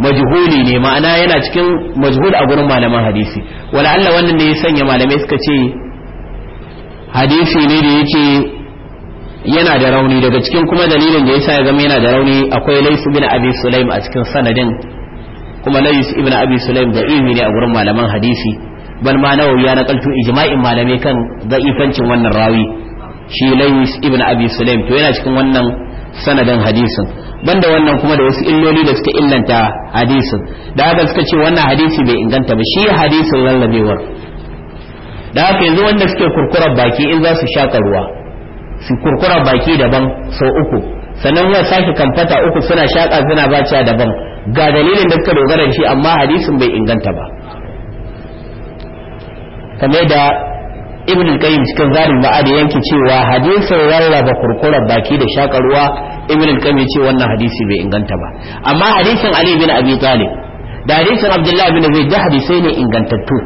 majhuli ne ma'ana yana cikin majhul a gurin malaman hadisi wala Allah wannan ne ya sanya malamai suka ce hadisi ne da yake yana da rauni daga cikin kuma dalilin da yasa ya zama yana da rauni akwai lais ibn abi sulaim a cikin sanadin kuma lais ibn abi sulaim da imi ne a gurin malaman hadisi bal ma nawawi ya nakalto ijma'in malamai kan da'ifancin wannan rawi shi lais ibn abi sulaim to yana cikin wannan sanadin hadisin banda wannan kuma da wasu illoli da suka illanta hadisin da haka suka ce wannan hadisi bai inganta ba shi hadisin lallabewar da haka yanzu wanda suke kurkurar baki in za su shaka ruwa su kurkura baki daban sau uku sannan ya sake kamfata uku suna shaƙa suna baciya daban ga dalilin da suka dogara shi amma hadisin bai inganta ba kamar da ibn qayyim cikin zarin ma'adi yanke cewa hadisin rarraba kurkurar baki da shaƙa ruwa ibn qayyim ce wannan hadisi bai inganta ba amma hadisin ali bin abi talib da hadisin abdullahi bin zaid da hadisai ne ingantattu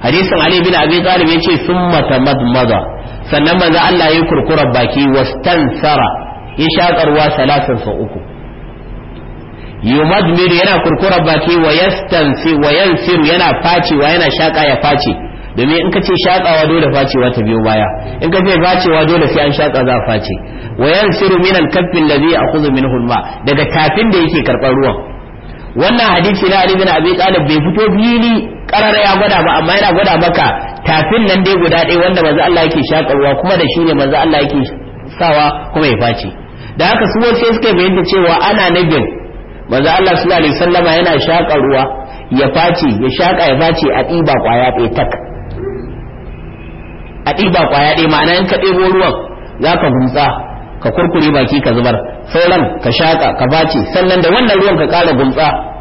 hadisin ali bin abi talib yace summa tamadmada sannan manzo Allah ya kurkurar baki wastansara ya shakarwa salatin sa uku yumadmir yana kurkurar baki wa yastansi wa yana facewa yana shaka ya faci. domin in ka ce shakawa dole facewa ta biyo baya in ka ce facewa dole sai an shaka za a face wa min al-kaffin ladhi akhudhu minhu al-ma daga kafin da yake karɓar ruwan wannan hadisi na Ali bin Abi Talib bai fito fili karara ya gwada ba amma yana gwada maka tafin nan dai guda ɗaya wanda manzo Allah yake shakarwa kuma da shi ne manzo Allah yake sawa kuma ya face da haka su wasu suka bayyana cewa ana nabin manzo Allah sallallahu alaihi wasallama yana shakarwa ruwa ya face ya shaka ya face a ɗiba kwaya ɗaya tak a ɗiba kwaya ɗaya ma'ana in ka ɗebo ruwan za ka gumtsa ka kurkure baki ka zubar sauran ka shaka ka face sannan da wannan ruwan ka ƙara gumtsa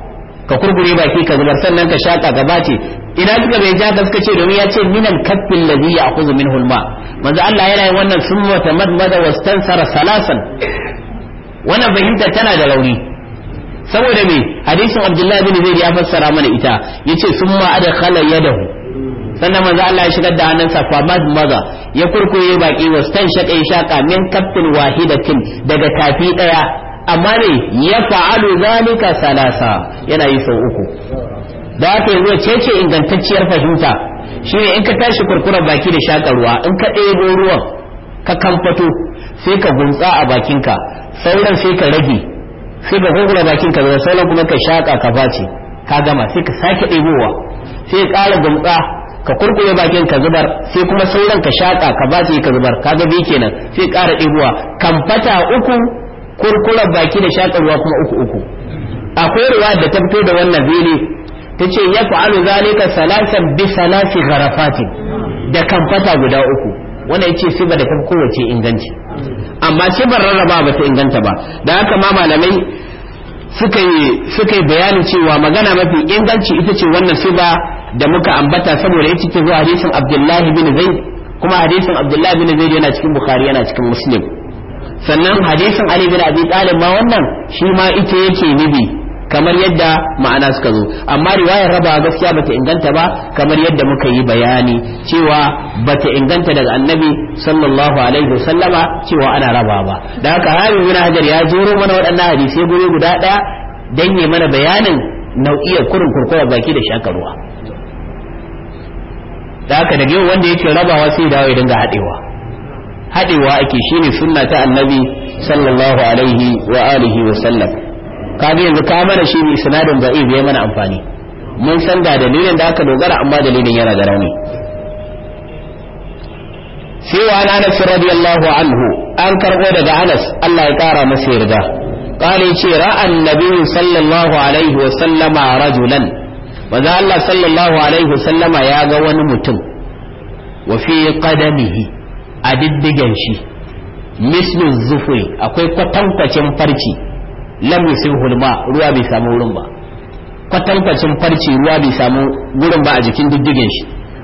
ka kurkure baki ka zubar sannan ka shaka ka bace ina suka bai ja gaske ce domin ya ce minal kaffin ladhi ya'khudhu minhu hulma ma manzo Allah yana yin wannan summa tamadmada wastansara salasan wannan fahimta tana da rauni saboda me hadisin Abdullah bin Zaid ya fassara mana ita yace summa adkhala yadahu sannan manzo Allah ya shigar da hannunsa fa madmada ya kurkure baki wastanshaqa shaka min kaffin wahidatin daga kafi daya amma ne ya fa'alu zalika salasa yana yi sau uku da haka yanzu ce ce ingantacciyar fahimta shi ne in ka tashi kurkuren baki da shakarwa in ka ɗebo ruwan ka kamfato sai ka guntsa a bakinka sauran sai ka rage sai ka gungula bakinka da sauran kuma ka shaka ka face ka gama sai ka sake ɗebowa sai ka ƙara guntsa ka kurkure bakin ka zubar sai kuma sauran ka shaka ka bace ka zubar kaga bi kenan sai ƙara ɗebowa kamfata uku kurkurar baki da ruwa kuma uku uku akwai ruwa da ta fito da wannan bene ta ce ya fa'alu zalika salasan bi salasi garafatin da kamfata guda uku wannan yace siba da ta kowace inganci amma sibar rarraba ba ta inganta ba da haka ma malamai suka yi suka yi cewa magana mafi inganci ita ce wannan ba da muka ambata saboda ita ce zuwa hadisin Abdullahi bin Zaid kuma hadisin Abdullahi bin Zaid yana cikin Bukhari yana cikin Muslim sannan hadisin Ali bin Abi Talib ma wannan shi ma ita yake nubi kamar yadda ma'ana suka zo amma riwayar raba gaskiya bata inganta ba kamar yadda muka yi bayani cewa bata inganta daga annabi sallallahu alaihi wasallama cewa ana raba ba da haka hari bin hajar ya jero mana waɗannan hadisai guri guda ɗaya dan yi mana bayanin nau'iyar kurin kurkurar baki da shakarwa da haka daga yau wanda yake rabawa sai dawo ya dinga haɗewa haɗewa ake shi ne sunna ta annabi sallallahu alaihi wa alihi wa sallam kaga yanzu ka mana shi ne sanadin da'if ya mana amfani mun san da dalilin da aka dogara amma dalilin yana da rauni sai wa Anas radiyallahu anhu an karɓo daga Anas Allah ya kara masa yarda kale ce ra'an nabi sallallahu alaihi wa sallama rajulan manzo Allah sallallahu alaihi wa sallama ya ga wani mutum wa fi qadamihi a diddigen shi mislu zufuri akwai kwatankwacin farci lamu sun ma ruwa bai samu wurin ba kwatankwacin farci ruwa bai samu wurin ba a jikin diddigen shi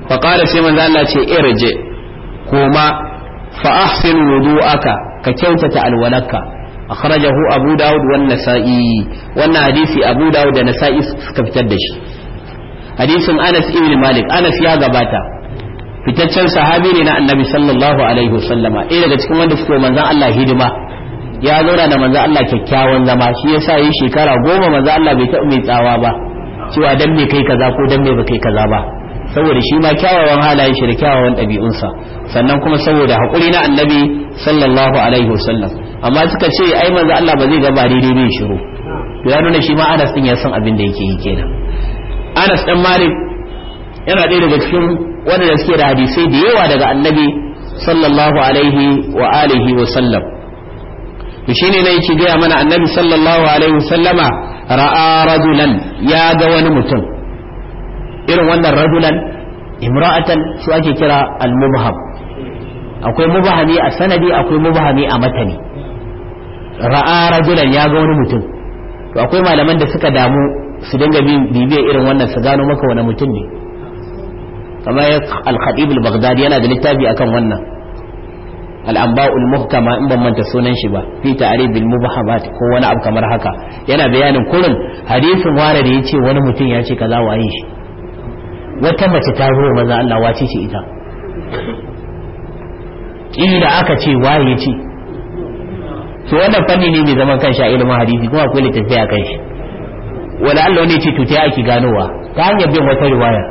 fa qala sai manzo Allah ce irje koma fa ahsin wudu'aka ka kyautata alwalaka akhrajahu abu daud wan nasa'i wannan hadisi abu daud da nasa'i suka fitar da shi hadisin anas ibn malik anas ya gabata fitaccen sahabi ne na annabi sallallahu alaihi wasallama ɗaya daga cikin wanda suke manzan Allah hidima ya zauna da manzan Allah kyakkyawan zama shi yasa yi shekara goma manzan Allah bai taɓa mai tsawa ba cewa dan me kai kaza ko dan me ba kai kaza ba saboda shi ma kyawawan halaye shi da kyawawan ɗabi'unsa sannan kuma saboda hakuri na annabi sallallahu alaihi wasallam amma suka ce ai manzan Allah ba zai ga ba daidai bai shiru to ya nuna shi ma Anas din ya san abin da yake yi kenan Anas dan Malik yana ɗaya daga cikin da suke da hadisai da yawa daga annabi sallallahu alaihi wa alihi wa sallam to ne na yake gaya mana annabi sallallahu alaihi wa sallama ra'a rajulan ya ga wani mutum irin wannan rajulan imra'atan su ake kira al-mubham akwai mubahami a sanadi akwai mubahami a matani ra'a rajulan ya ga wani mutum to akwai malaman da suka damu su dinga bibiyar irin wannan su gano maka wani mutum ne kamar al-khatib al-baghdadi yana da littafi akan wannan al-anba'ul muhkama in ban manta sunan shi ba fi ta'rib al-mubahamat ko wani abu kamar haka yana bayanin kurin hadisin ware da yace wani mutum ya ce kaza waye shi wata mace ta zo maza Allah wace ce ita kila aka ce waye ce to wannan fanni ne mai zaman kanshi a ilimin hadisi kuma akwai littafi a kanshi wala Allah ne ce to ta ake ganowa ta hanyar bin wata riwaya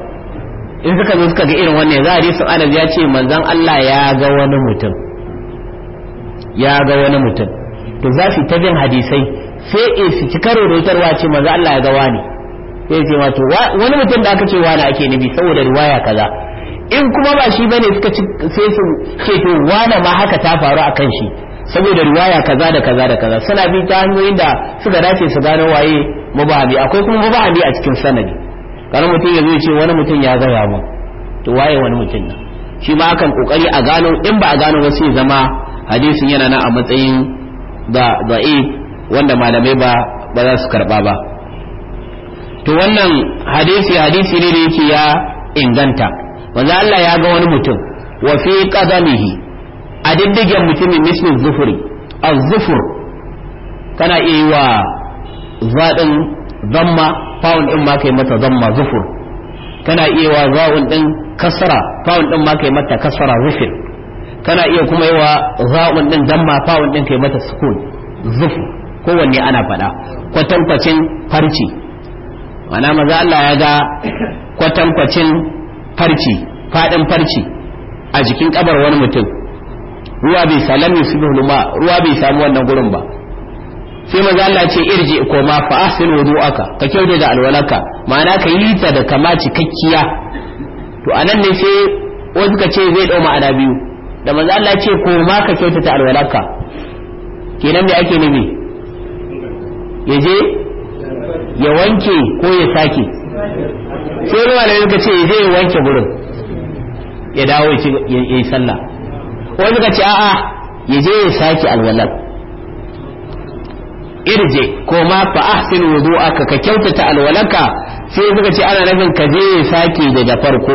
in suka zo suka ga irin wannan za a su anas ya ce manzan Allah ya ga wani mutum ya ga wani mutum to za su tabin hadisai sai in su ci karo da wutarwa ce manzan Allah ya ga wani sai ce wato wani mutum da aka ce wani ake nabi saboda riwaya kaza in kuma ba shi bane suka ci sai su ce to wani ma haka ta faru kan shi saboda riwaya kaza da kaza da kaza suna bi ta hanyoyin da suka dace su gano waye mubahabi akwai kuma mubahabi a cikin sanadi kana mutum ya zai ce wani mutum ya gaya mu to waye wani mutum nan shi ma akan kokari a gano in ba a gano ba sai zama hadisin yana nan a matsayin da da'i eh, wanda malamai ba ba za su karba ba to wannan hadisi hadisi ne da yake ya inganta wanda Allah ya ga wani mutum wa fi qadamihi a diddigen mutumin mislu zufuri az-zufur kana iya yi wa zadin zamma fa'un din ma kai mata zamma zufur kana iya wa za'un din kasra fa'un din ma kai mata kasra zufur kana iya kuma yi wa za'un din damma fa'un din kai mata sukun zufur kowanne ana faɗa kwatankwacin farci mana maza Allah ya ga kwatankwacin farci fadin farci a jikin kabar wani mutum ruwa bai salami su ruwa bai samu wannan gurin ba sai maza Allah ce irji koma fa ahsin wudu'aka ka kyauta da alwalaka ma'ana ka yi ta da kama cikakkiya to anan ne sai wasu ka ce zai dauma ma'ana biyu da maza Allah ce koma ka kyauta ta alwalaka kenan me ake nufi ya je ya wanke ko ya sake sai ruwa da ka ce ya je ya wanke gurin ya dawo ya yi sallah wani ka ce a'a ya je ya sake alwalar irje koma fa ahsin wudu'aka ka kyautata alwalaka sai suka ce ana nufin ka je sake da farko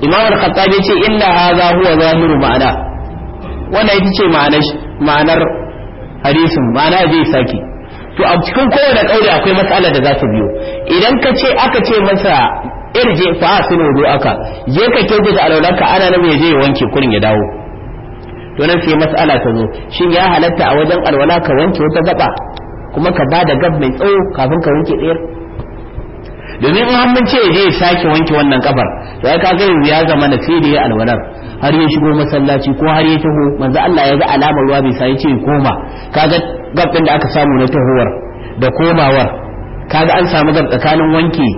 imam al-khattab ya ce inna hadha huwa zahiru ma'ana wannan ita ce ma'anar ma'anar hadisin ma'ana zai sake to a cikin kowane kauri akwai matsalar da za ta biyo idan ka ce aka ce masa irje fa ahsin wudu'aka je ka kyautata alwalaka ana nufin ya je wanke kurin ya dawo to nan sai mas'ala ta zo shin ya halatta a wajen alwala ka wanke wata gaba kuma ka bada gab mai tsawo kafin ka wanke ɗayar domin in an ce ya je ya sake wanke wannan kafar to ai kaga yanzu ya zama na sai da ya alwalar har ya shigo masallaci ko har ya taho manzo Allah ya ga alamar ruwa bai sai ce koma kaga gab din da aka samu na tahowar da komawar kaga an samu gab tsakanin wanke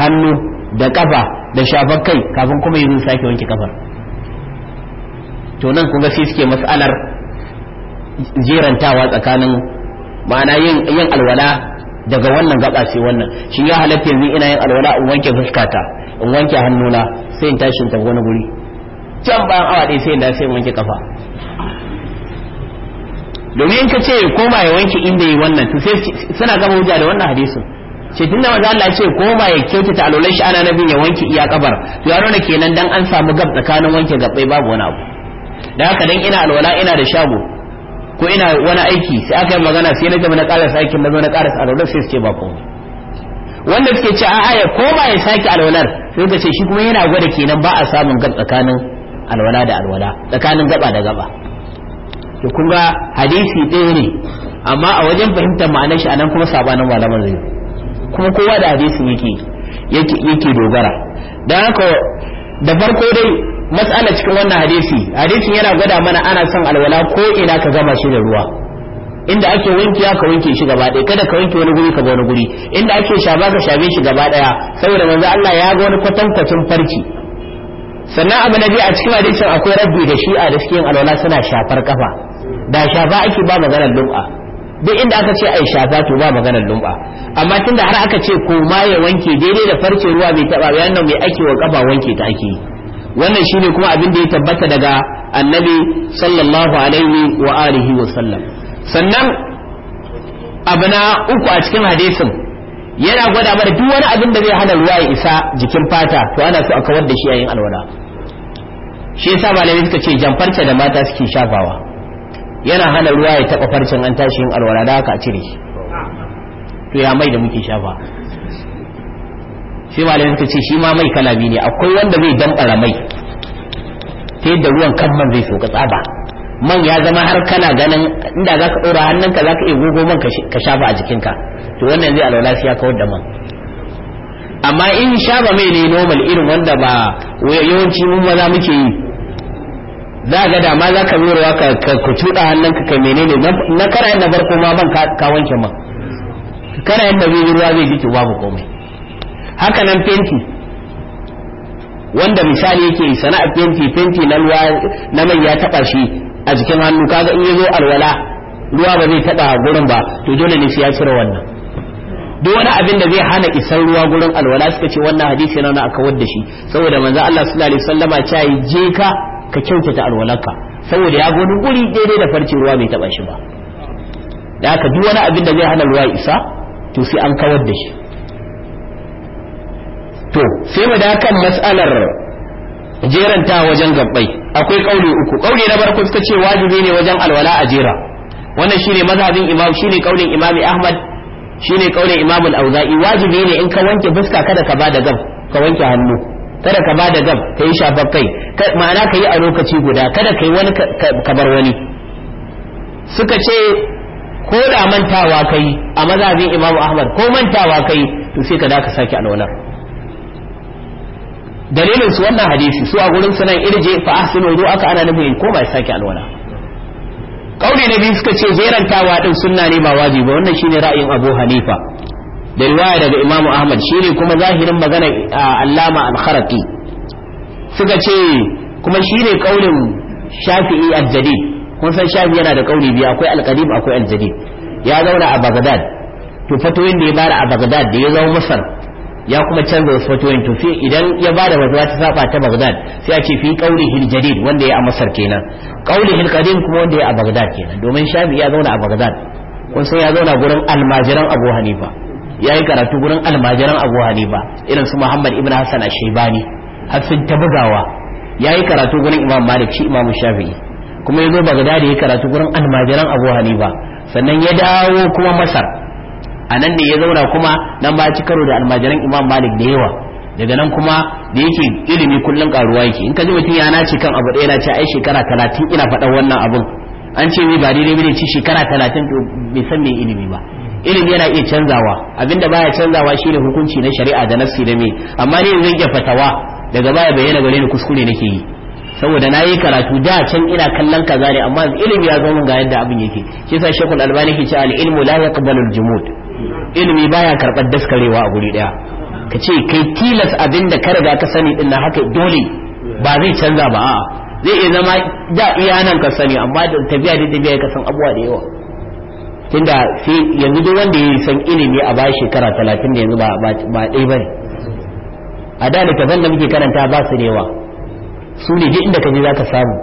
hannu da kafa da shafar kai kafin kuma yanzu sake wanke kafar to nan kun ga sai suke matsalar jerantawa tsakanin ma'ana yin alwala daga wannan gaba sai wannan shin ya halatta yanzu ina yin alwala in wanke fuskata in wanke hannuna sai in tashi in tafi wani guri can bayan awa ɗaya sai in da sai in wanke kafa domin ka ce koma ya wanke inda yi wannan to sai suna gama wuja da wannan hadisin ce tunda manzo Allah ce koma ya kyautata alolai shi ana nabin ya wanke iya kabar to ya nuna kenan dan an samu gab tsakanin wanke gabbai babu wani abu da haka dan ina alwala ina da shago ko ina wani aiki sai aka yi magana sai na gaba na karasa aikin na zo na karasa sai su ce ba komai wanda suke ce aya ko ba ya sake alwalar sai ka ce shi kuma yana gwada kenan ba a samun gab tsakanin alwala da alwala tsakanin gaba da gaba to kun ga hadisi ɗaya ne amma a wajen fahimtar ma'anar shi anan kuma sabanin malaman zai kuma kowa da hadisi yake yake dogara dan haka da farko dai matsala cikin wannan hadisi hadisin yana gwada mana ana son alwala ko ina ka gama shi da ruwa inda ake wanki ka wanke shi gaba ɗaya kada ka wanke wani guri ka ga wani guri inda ake shaba ka shabe shi gaba ɗaya saboda manzo Allah ya ga wani kwatankwacin farki sannan abu na biyu a cikin hadisin akwai rabbi da shi'a da suke yin alwala suna shafar kafa da shafa ake ba maganar lum'a duk inda aka ce ai shafa to ba maganar lumba amma tunda har aka ce ko ma ya wanke daidai da farce ruwa bai taba bayan nan mai ake wa kafa wanke ta ake yi wannan shine kuma abin da ya tabbata daga annabi sallallahu alaihi wa alihi wa sallam sannan abu uku a cikin hadisin yana gwada mana duk wani abin da zai hana ruwa ya isa jikin fata to ana so a kawar da shi yayin alwala shi yasa malamai suka ce jamfarce da mata suke shafawa yana hana ruwa ya taba farcen an tashi yin alwala da haka a cire to ya mai da muke shafa sai malamai suka ce shi ma mai kalami ne akwai wanda zai dambara mai ta yadda ruwan kan man zai soka tsaba man ya zama har kana ganin inda za ka ɗora hannunka za ka iya gogo man ka shafa a jikinka to wannan zai alwala ya kawar da man amma in shafa mai ne normal irin wanda ba yawanci mun maza muke yi za ga da za ka zurewa ka ka cuɗa hannunka ka menene na kara na farko ma man ka wanke man kana yadda zai ruwa zai jike babu komai haka nan fenti wanda misali yake sana'ar fenti fenti na ruwa na mai ya taba shi a jikin hannu kaga in yazo alwala ruwa ba zai taba gurin ba to dole ne sai ya cire wannan duk wani abin da zai hana isar ruwa gurin alwala suka ce wannan hadisi na na aka wadda shi saboda manzo Allah sallallahu alaihi wasallama ya yi je ka ka kyautata alwalarka saboda ya gudu guri daidai da farce ruwa bai taba shi ba da haka duk wani abin da zai hana ruwa isa to sai an kawar da shi to sai mu da kan matsalar jeranta wajen gabbai akwai kauli uku kauli na farko suka ce wajibi ne wajen alwala a jera wannan shine mazhabin imam shine kaulin imami ahmad shine kaulin imam al-auza'i wajibi ne in ka wanke fuska kada ka bada gab ka wanke hannu kada ka bada gab ka yi shafar kai ma'ana ka yi a lokaci guda kada ka yi wani kabar wani suka ce ko da mantawa kai a mazhabin imam ahmad ko mantawa kai to sai ka da ka sake alwalar dalilin su wannan hadisi su a gurin su nan irje fa ahsinu aka ana nufin ko bai sake alwala kauli na biyu suka ce jerantawa din sunna ne ba wajibi ba wannan shine ra'ayin Abu Hanifa da riwaya daga Imam Ahmad shine kuma zahirin magana Allama Al-Kharqi suka ce kuma shine kaulin Shafi'i al-Jadid kun san Shafi'i yana da kauli biyu akwai al-Qadim akwai al-Jadid ya zauna a Bagdad. to fatoyin da ya bara a Bagdad da ya zama Masar ya kuma canza wasu fatoyin to sai idan ya ba da fatawa ta saba ta Bagdad sai a ce fi hil jadid wanda ya a Masar kenan hil qadim kuma wanda ya a Baghdad kenan domin Shafi ya zauna a Baghdad kun san ya zauna gurin almajiran Abu Hanifa ya yi karatu gurin almajiran Abu Hanifa irin su Muhammad ibn Hassan a shaybani har ta bugawa ya yi karatu gurin Imam Malik shi Imam Shafi'i kuma ya zo Bagdad ya yi karatu gurin almajiran Abu Hanifa sannan ya dawo kuma Masar a nan ne ya zauna kuma nan ba ci karo da almajiran imam malik da yawa daga nan kuma da yake ilimi kullum karuwa yake in ka ji mutum ya nace kan abu ɗaya na ai shekara talatin ina faɗan wannan abun an ce ni ba daidai bane ci shekara talatin to bai san me ilimi ba ilimi yana iya canzawa abinda baya canzawa shine hukunci na shari'a da nafsi da me amma ne zan iya fatawa daga baya bayyana gare ni kuskure nake yi saboda na yi karatu da can ina kallon kaza ne amma ilimi ya zo min ga yadda abin yake shi yasa shekul albani ke ce al ilmu la yaqbalu jumud ilimi baya karɓar daskarewa a guri ɗaya ka ce kai tilas abin da ka riga ka sani din na haka dole ba zai canza ba a'a zai iya zama da iya nan ka sani amma da tafiya da tafiya ka san abuwa da yawa tunda sai yanzu duk wanda ya san ilimi a ba shekara talatin da yanzu ba ɗaya ba ne a da littafan da muke karanta ba su da yawa su ne duk inda ka je za ka samu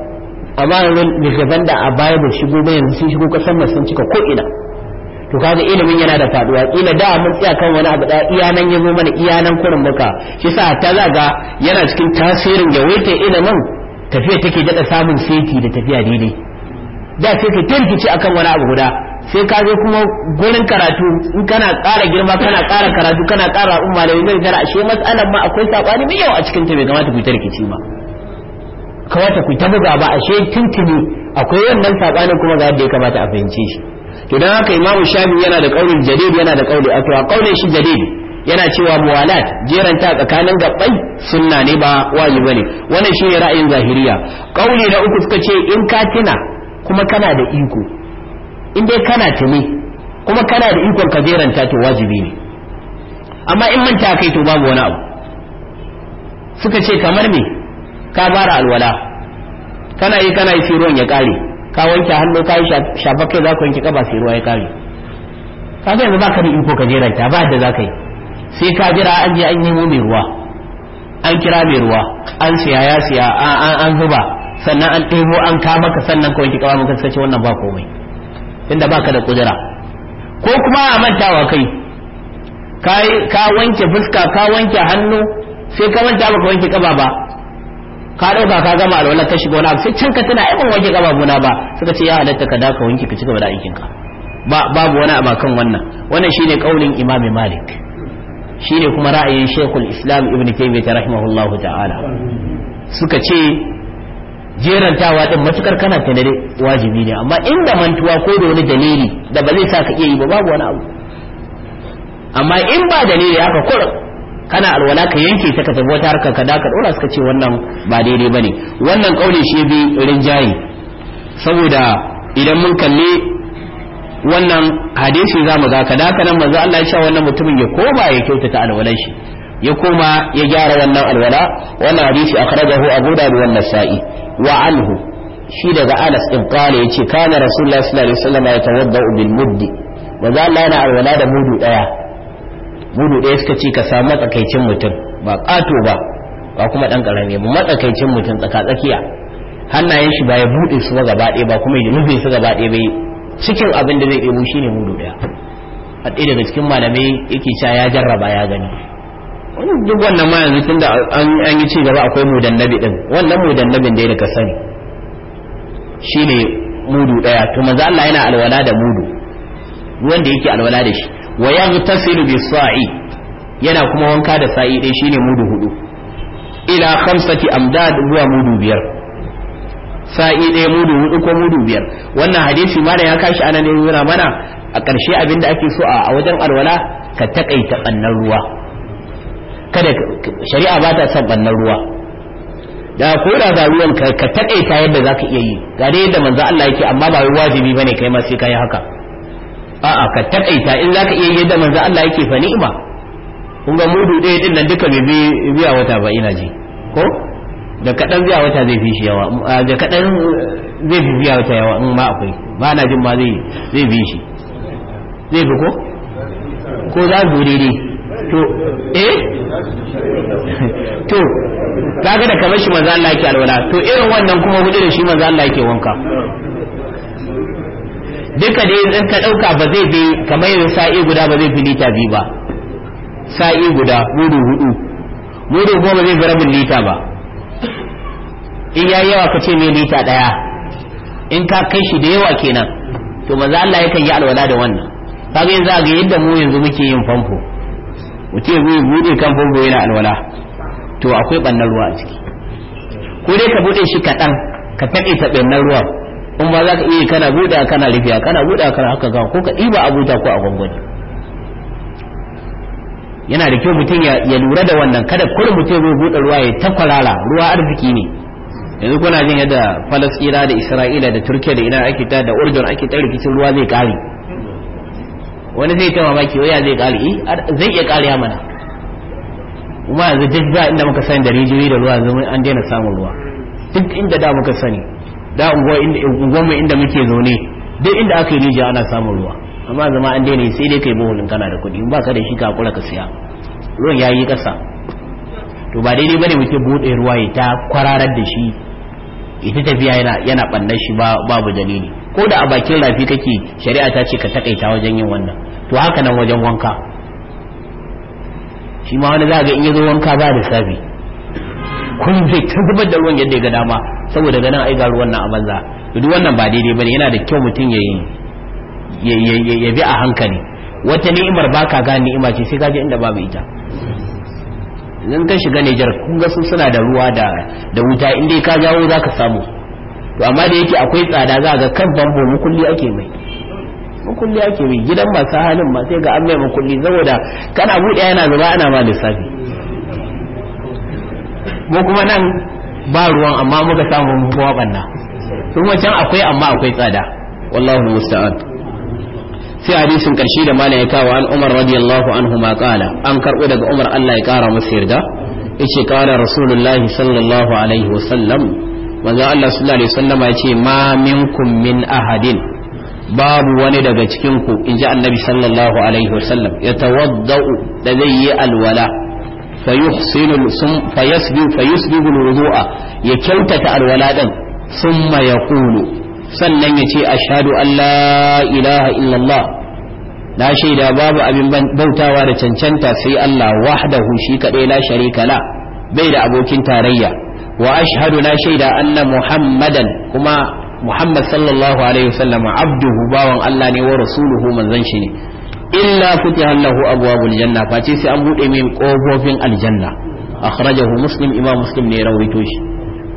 amma yanzu littafan da a baya ba shigo ba yanzu sun shigo kasan sun cika ko ina to kaga ilimin yana da faduwa kila da mun tsaya kan wani abu da iyanan ya zo mana iyanan kurin muka shi sa ta zaga yana cikin tasirin yawaitar ilimin tafiya take daɗa samun seti da tafiya daidai da sai ka tirkici akan wani abu guda sai ka zo kuma gurin karatu in kana ƙara girma kana ƙara karatu kana ƙara umma da yanzu da ashe matsalar ma akwai sabani mai yawa a cikin ta bai kamata ku tarkici ba kawata ku ta buga ba ashe tuntuni akwai wannan sabanin kuma ga yadda ya kamata a fahimce shi to dan haka imamu shafi yana da ƙaunin jadid yana da kauli to a kaulin shi jadid yana cewa muwalat jeranta tsakanin gabbai sunna ne ba wajibi bane wannan shine ra'ayin zahiriya kauli na uku suka ce in ka tuna kuma kana da iko in dai kana tuni kuma kana da iko ka jeranta to wajibi ne amma in manta kai to babu wani abu suka ce kamar me ka bara alwala kana yi kana yi ruwan ya kare ka wanke hannu ka yi shafa kai za ka wanke kaba sai ruwa ya kare ka ga yanzu ba ka da iko ka jera ta ba da za ka yi sai ka jira an je an yi mu mai ruwa an kira mai ruwa an siya ya siya an zuba sannan an ɗebo an ka maka sannan ka wanke kaba maka suka ce wannan ba komai inda ba ka da kudura ko kuma a mantawa kai ka wanke fuska ka wanke hannu sai ka manta ka wanke kaba ba ka dauka ka gama alwala ka shiga wani abu sai can ka tana ai ban wanke gababuna ba suka ce ya halatta ka daka wanki ka cigaba da aikin ka ba babu wani abu kan wannan wannan shine kaulin imam malik shine kuma ra'ayin shaykhul islam ibn taymiyyah rahimahullahu ta'ala suka ce jerantawa din matukar kana dare wajibi ne amma inda mantuwa ko da wani dalili da ba zai sa ka iya yi ba babu wani abu amma in ba dalili haka kurin kana alwala ka yanke ta ka tafi wata harka ka da ka suka ce wannan ba daidai ba ne wannan kauli shi bi rinjaye saboda idan mun kalli wannan hadisi zamu ga ka da ka nan manzo Allah ya sha wannan mutumin ya koma ya kyautata alwalan shi ya koma ya gyara wannan alwala wannan hadisi akhrajahu Abu Dawud wa Nasa'i wa anhu shi daga Anas din ya ce kana Rasulullahi sallallahu alaihi wasallam yatawaddau bil muddi manzo Allah yana alwala da mudu ɗaya. mudu ɗaya suka ce ka samu matsakaicin mutum ba ƙato ba ba kuma ɗan ƙarami ba matsakaicin mutum tsaka tsakiya hannayen shi ba ya buɗe su ba gaba ɗaya ba kuma ya rufe su gaba ɗaya bai cikin abin da zai ɗebo ne mudu ɗaya a ɗaya daga cikin malamai yake cewa ya jarraba ya gani wani duk wannan ma yanzu tunda an yi ci gaba akwai nabi din wannan mudan nabin da ya daga sani shi ne mudu ɗaya to manzo Allah yana alwala da mudu wanda yake alwala da shi wa yaghtasilu bi sa'i yana kuma wanka da sa'i shi ne mudu hudu ila khamsati amdad zuwa mudu biyar sa'i dai mudu hudu ko mudu biyar wannan hadisi mana ya kashi anan ne yana mana a ƙarshe abinda ake so a wajen alwala ka taƙaita bannan ruwa kada shari'a ba ta son bannan ruwa da ko da ba ruwan ka takaita yadda zaka iya yi ga dai yadda manzo Allah yake amma ba wajibi bane kai ma sai kai haka a'a ka takaita in zaka iya yadda manzo Allah yake fa ni'ima kun ga mudu ɗaya din nan duka bai biya wata ba ina ji ko da kaɗan biya wata zai fi shi yawa da kaɗan eh, zai fi biya wata yawa in ma akwai ba na jin ma zai zai bi shi zai fi ko ko za su daidai to eh to kaga da kamar shi manzo Allah yake alwala to irin wannan kuma hudu da shi manzo Allah yake wanka duka da in ka ɗauka ba zai bi kamar yin sa'i guda ba zai fi lita biyu ba sa'i guda mudu hudu mudu kuma ba zai bi rabin lita ba in ya yawa ka ce mai lita ɗaya in ka kai shi da yawa kenan to maza Allah yakan yi alwala da wannan kaga yanzu ga yadda mu yanzu muke yin famfo mutum ya ya buɗe kan famfo yana alwala to akwai ɓannan ruwa a ciki ko dai ka buɗe shi kaɗan ka taɓe ɓannar ruwa in ba za ka iya kana buɗa kana rufiya kana buɗa kana haka ga ko ka ɗiba a buɗa ko a gwangwani yana da kyau mutum ya lura da wannan kada kurin mutum zai buɗe ruwa ya takwarara ruwa arziki ne yanzu kuna jin yadda falasira da isra'ila da turkiya da idan ake ta da urdun ake ta rikicin ruwa zai kare wani zai ta mamaki waya zai kare eh, zai iya kare mana kuma yanzu duk za inda muka sani da rijiyoyi da ruwa yanzu an daina samun ruwa duk inda da muka sani da unguwar mu inda muke zaune duk inda aka yi rijiya ana samun ruwa amma zama an daina sai dai kai bohulin kana da kuɗi in baka da shi ka kula ka siya ruwan ya yi ƙasa to ba daidai bane muke buɗe ruwa ya ta kwararar da shi ita tafiya yana yana ɓannar shi babu dalili ko da a bakin rafi kake shari'a ta ce ka takaita wajen yin wannan to haka nan wajen wanka shi ma wani za ga in ya zo wanka ba da sabi kun zai tabbatar da ruwan yadda ya ga dama saboda ganin ai ga ruwan nan a banza duk wannan ba daidai bane yana da kyau mutum ya ya bi a hankali wata ni'imar baka ga ni'ima ce sai ka je inda babu ita idan ka shiga Nijar kun ga su suna da ruwa da da wuta in ka jawo zaka samu to amma da yake akwai tsada za ga kan bambo mukulli ake mai mukulli ake mai gidan masu halin ma sai ga an mai mukulli saboda kana buɗe yana zuba ana ma lissafi mu kuma nan ba ruwan amma muka samu mu kuma banna kuma can akwai amma akwai tsada wallahu musta'an sai hadisin karshe da malai kawo an Umar radiyallahu anhu ma qala an karbo daga Umar Allah ya kara masa yarda yace qala rasulullahi sallallahu alaihi wasallam manzo Allah sallallahu alaihi ya ce ma minkum min ahadin babu wani daga cikin ku inji annabi sallallahu alaihi wasallam yatawaddau da zai yi alwala fayuhsinu fayasbi fayusbihu alwudu'a ya kyautata alwala din thumma yaqulu sannan ya ce ashhadu an ilaha illallah na shaida babu abin bautawa da cancanta sai Allah wahdahu shi kadai la sharika la bai da abokin tarayya wa ashhadu na shaida anna muhammadan kuma muhammad sallallahu alaihi wasallam abduhu bawan Allah ne wa rasuluhu manzon shi ne illa futiha lahu abwabul janna face sai an bude min kofofin aljanna akhrajahu muslim imam muslim ne rawaito shi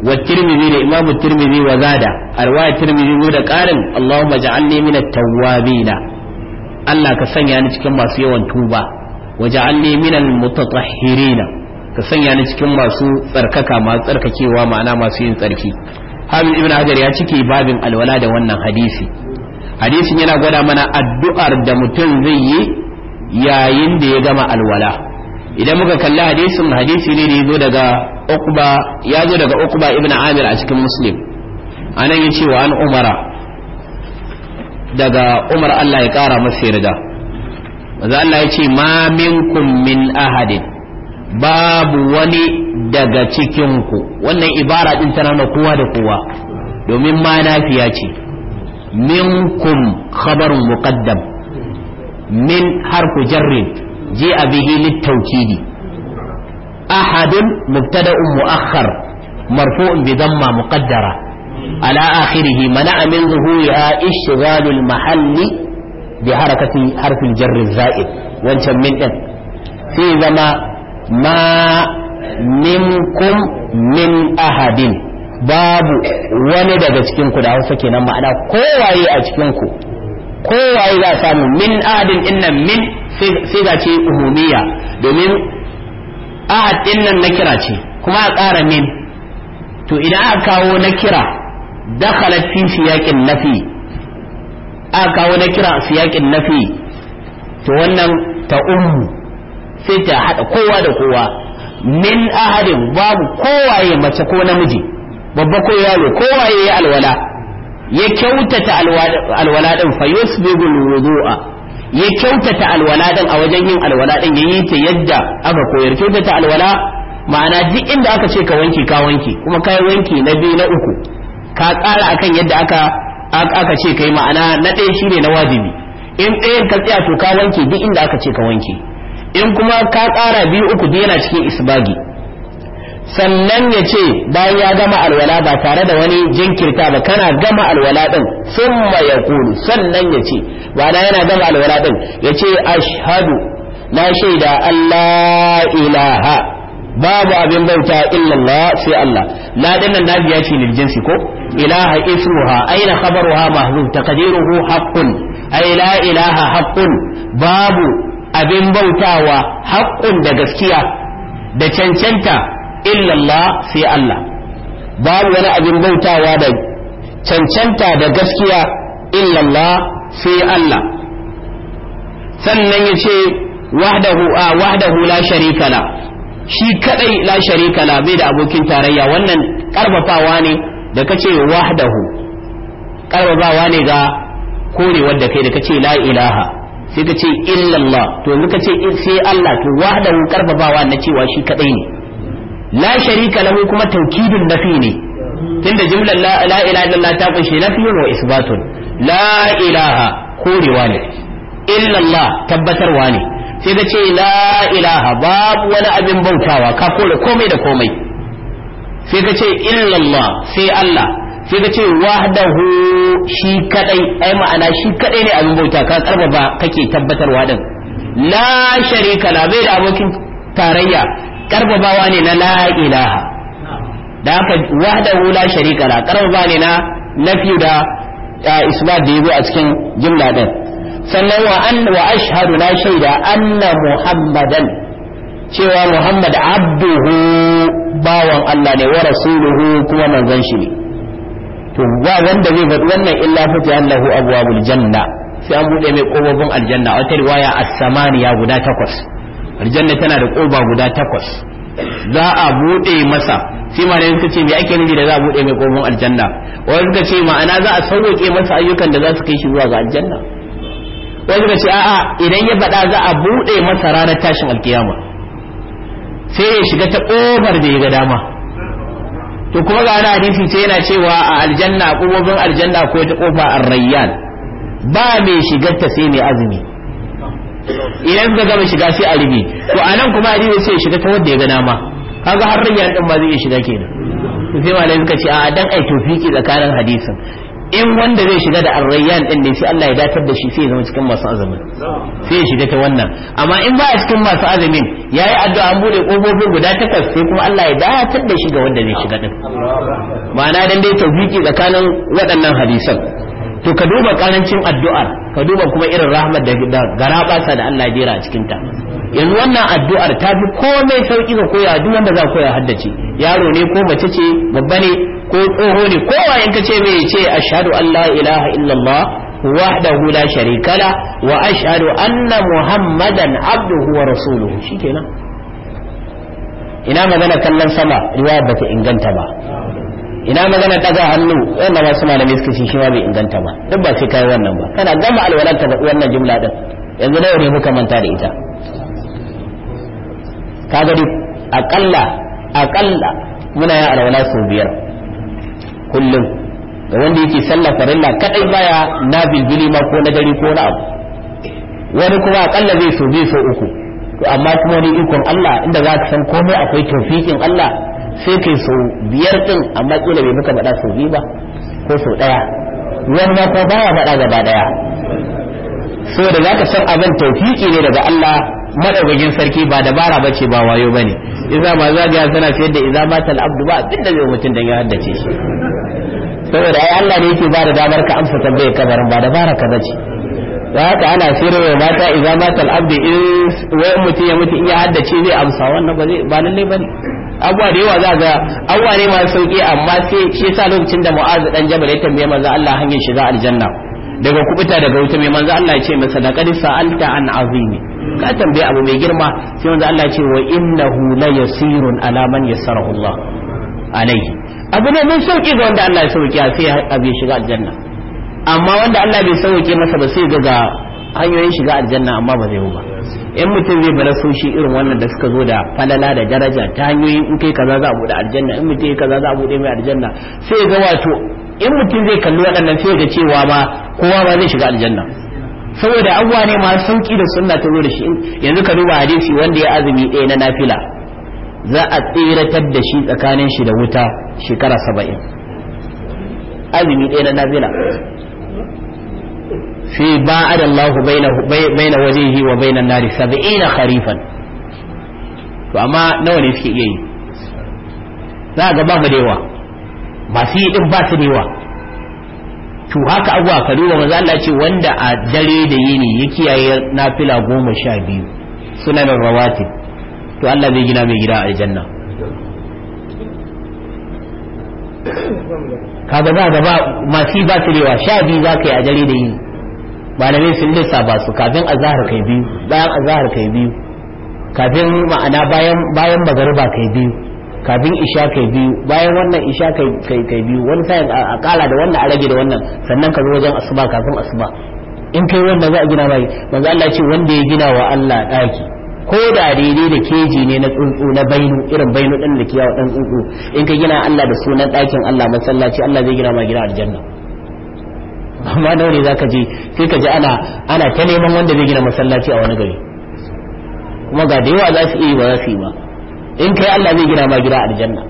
wa tirmidhi da imam tirmidhi wa zada arwaya tirmidhi da qarin allahumma ja'alni min at-tawwabin Allah ka sanya ni cikin masu yawan tuba wa ja'alni min al-mutatahhirin ka sanya ni cikin masu tsarkaka masu tsarkakewa ma'ana masu yin tsarki Habib ibn Hajar ya cike babin alwala da wannan hadisi hadisin yana gwada mana addu'ar da mutum zai yi yayin da ya gama alwala idan muka kalli hadisin hadisi ne da yazo daga ukba ya zo daga ukba ibn Amir a cikin Muslim anan yace wa an Umara daga Umar Allah ya kara masa yarda maza Allah yace ma minkum min ahadin babu wani daga cikinku wannan ibara din tana na kowa da kowa domin ma nafiya ce منكم خبر مقدم من حرف جر جاء به للتوكيد أحد مبتدأ مؤخر مرفوع بضمة مقدرة على آخره منع من ظهورها اشتغال المحل بحركة حرف الجر الزائد وانشم من في زما ما منكم من أحد babu wani daga cikin ku da Hausa kenan ma'ana kowaye a cikin ku kowaye za samu min adin innan min sai ga ce umumiya domin ahad dinnan na kira ce kuma a ƙara min to idan aka kawo na kira dakhalat fi siyaqin nafi aka kawo na kira siyaqin nafi to wannan ta ummu sai ta hada kowa da kowa min ahadin babu kowaye mace ko namiji babba ko yaro ya yi alwala ya kyautata alwala din fa yusbigu wudu'a ya kyautata alwala din a wajen yin alwala din yayi ta yadda aka koyar kyautata alwala ma'ana duk inda aka ce ka wanke ka wanke kuma kai wanke na biyu na uku ka tsara akan yadda aka aka ce kai ma'ana na ɗaya shine na wajibi in ɗaya ka tsaya to ka wanke duk inda aka ce ka wanke in kuma ka tsara biyu uku duk yana cikin isbagi sannan ya ce bayan ya gama alwala ba tare da wani jinkirta ba kana gama alwala din sun ya kulu sannan ya ce ba na yana gama alwala din ya ce ashadu na shaida Allah ilaha babu abin bauta illallah sai Allah la dinnan na ce lil jinsi ko ilaha ismuha aina khabaruha mahzuf taqdiruhu haqqun ay la ilaha haqqun babu abin bautawa haqqun da gaskiya da cancanta illallah sai Allah babu wani abin bautawa da cancanta da gaskiya illallah sai Allah sannan ya ce wahdahu a wahdahu la sharika la shi kadai la sharika la bai da abokin tarayya wannan karfafawa ne da kace wahdahu karfafawa ne ga korewar da kai da kace la ilaha sai kace illallah to yanzu kace sai Allah to wahdahu karfafawa na cewa shi kadai ne Lashari sharika lahu kuma taukidun nafi ne tunda jimlar la ilaha illallah ta kunshi nafiyun wa isbatun la ilaha korewa ne illallah tabbatarwa ne sai da ce la babu wani abin bautawa ka kore komai da komai sai ka ce illallah sai Allah sai ka ce wahdahu shi kadai ai ma'ana shi kadai ne abin bauta ka karba ba kake tabbatarwa din la sharika la bai da abokin tarayya karbabawa ne na la'ilaha ilaha da haka wahdahu la sharika la karbabawa ne na nafi da isbat da yabo a cikin jumla din sannan wa an wa ashhadu la shaida anna muhammadan cewa muhammad abduhu bawan Allah ne wa rasuluhu kuma manzon shi ne to ba wanda zai faɗi wannan illa fatiha lahu abwabul janna sai an buɗe mai ƙofofin aljanna wata riwaya as-samaniya guda takwas aljanna tana da koba guda takwas za a bude masa sai ma suka ce me ake nufi da za a bude mai kogon aljanna wani suka ce ma'ana za a sauke masa ayyukan da za su kai shi zuwa ga aljanna wani suka ce a'a idan ya faɗa za a bude masa ranar tashin alkiyama sai ya shiga ta kofar da ya ga dama to kuma ga wani hadisi sai yana cewa a aljanna kofofin aljanna ko ta kofa ar-rayyan ba mai shigar ta sai mai azumi idan suka gama shiga sai a ribi to a nan kuma a rufe sai ya shiga ta wanda ya gana ma kaga har rayyan din ba zai iya shiga kenan sai malai suka ce a dan ai tofiki tsakanin hadisin in wanda zai shiga da arrayyan din ne sai Allah ya datar da shi sai ya zama cikin masu azumin sai ya shiga ta wannan amma in ba a cikin masu azumin yayi addu'a an bude kofofin guda takwas sai kuma Allah ya datar da shi ga wanda zai shiga din ma'ana dan dai tofiki tsakanin waɗannan hadisan to ka duba karancin addu'ar ka duba kuma irin rahmar da garabasa da Allah bera a cikin ta yanzu wannan addu'ar ta fi komai sauki ka koya duk wanda za koya haddace yaro ne ko mace ce babba ne ko tsoho ne kowa in ka ce mai ce ashhadu an la ilaha illallah wahdahu la sharika la wa ashhadu anna muhammadan abduhu wa rasuluhu shikenan ina magana kallon sama riwaya bata inganta ba ina magana daga hannu wannan wasu malamai suka ce shi ma bai inganta ba duk ba sai kai wannan ba kana gama alwalar ka wannan jumla din yanzu nawa ne muka manta da ita kaga duk akalla akalla muna yin alwala sau biyar kullum da wanda yake sallah farilla kadai baya na bilbili ma ko na gari ko na abu wani kuma akalla zai so biyu so uku to amma kuma ni ikon Allah inda za ka san komai akwai tawfiqin Allah sai kai sau biyar din amma kila bai maka faɗa sau biyu ba ko sau ɗaya wannan ko baya faɗa gaba ɗaya so da zaka san abin tawfiki ne daga Allah madaukakin sarki ba dabara bace ba wayo bane ba ma ga sana fiye da ba tal abdu ba abinda zai mutun dan ya haddace shi saboda ai Allah ne yake ba da damar ka amsa tambayar kabarin ba dabara ka bace da haka ana wa mata ma matal abdu in wai mutun ya mutu in ya haddace zai amsa wannan ba ba lalle bane abuwa da yawa za ga abuwa ne masu sauki amma sai shi yasa lokacin da mu'azu dan jabal ya tambaye manzo Allah hanyar shiga aljanna daga kubuta daga wuta mai manzo Allah ya ce masa laqad sa'alta an azimi ka tambaye abu mai girma sai manzo Allah ya ce wa innahu la yasirun ala man yassarahu Allah alaihi abu ne mai sauki ga wanda Allah ya sauki sai abu ya shiga aljanna amma wanda Allah bai sauke masa ba sai ga hanyoyin shiga aljanna amma ba zai yi ba in mutum zai fara so shi irin wannan da suka zo da falala da daraja ta hanyoyi in kai kaza za a bude aljanna in mutum kaza za a bude mai aljanna sai ga wato in mutum zai kalli waɗannan sai ga cewa ba kowa ba zai shiga aljanna saboda abuwa ne masu sauki da sunna ta zo da shi yanzu ka duba hadisi wanda ya azumi ɗaya na nafila za a tseratar da shi tsakanin shi da wuta shekara saba'in azumi ɗaya na nafila sai ba'ad Allah baina wajhihi wa baina an-nari 70 kharifan to amma nawa ne suke iya yi za ga ba masu yi din ba su da yawa to haka abuwa ka duba manzo Allah ce wanda a dare da yini ya kiyaye nafila goma sha biyu sunan rawatib to Allah zai gina mai gida a aljanna kaga ba gaba masu ba su rewa sha biyu za ka yi a dare da yini malamai sun lissa ba su kafin azahar kai biyu bayan azahar kai biyu kafin ma'ana bayan bayan magariba kai biyu kafin isha kai biyu bayan wannan isha kai kai biyu wani sai a kala da wannan a rage da wannan sannan ka zo wajen asuba kafin asuba in kai wanda za a gina mai manzo Allah ce wanda ya gina wa Allah daki ko da daidai da keji ne na tsuntsu na bainu irin bainu din da kiyawa dan tsuntsu in ka gina Allah da sunan dakin Allah masallaci Allah zai gina ma gina aljanna amma nawa ne zaka je sai ka ji ana ana ta neman wanda zai gina masallaci a wani gari kuma ga da yawa za su yi ba za su yi ba in kai Allah zai gina ma gida aljanna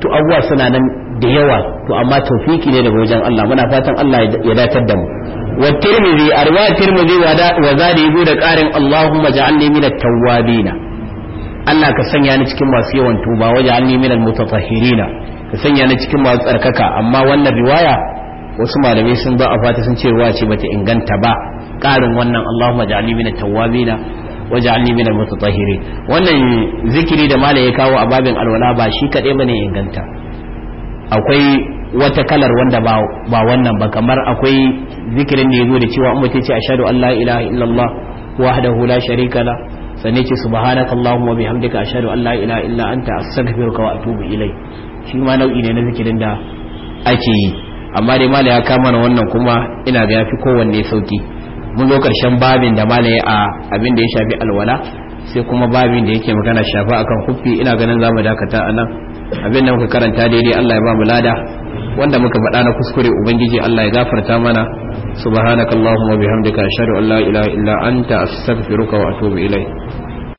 to abuwa suna nan da yawa to amma tawfiki ne daga wajen Allah muna fatan Allah ya datar da mu wa tirmidhi arwa tirmidhi wa zadi da karin Allahumma ja'alni min at-tawwabin Allah ka sanya ni cikin masu yawan tuba wa ja'alni min al ka sanya ni cikin masu tsarkaka amma wannan riwaya wasu malamai sun ba a fata sun ce ruwa ce bata inganta ba ƙarin wannan Allahumma ja'alni minat tawwabina wa ja'alni minal mutatahhirin wannan zikiri da malai ya kawo a babin alwala ba shi kadai bane inganta akwai wata kalar wanda ba wannan ba kamar akwai zikirin da yazo da cewa in mutum ce ashhadu an la ilaha illallah wahdahu la sharika la sanne ce subhanaka allahumma bihamdika ashhadu an la ilaha illa anta astaghfiruka wa atubu ilayk shi ma nau'i ne na zikirin da ake yi amma dai mala ya kama na wannan kuma ina ga yafi kowanne sauki mun zo karshen babin da mala ya a abin da ya shafi alwala sai kuma babin da yake magana shafa akan kuffi ina ganin zamu dakata anan abin da muka karanta daidai Allah ya ba mu lada wanda muka faɗa na kuskure ubangiji Allah ya gafarta mana subhanakallahumma bihamdika ashhadu an la ilaha illa anta astaghfiruka wa atubu ilayk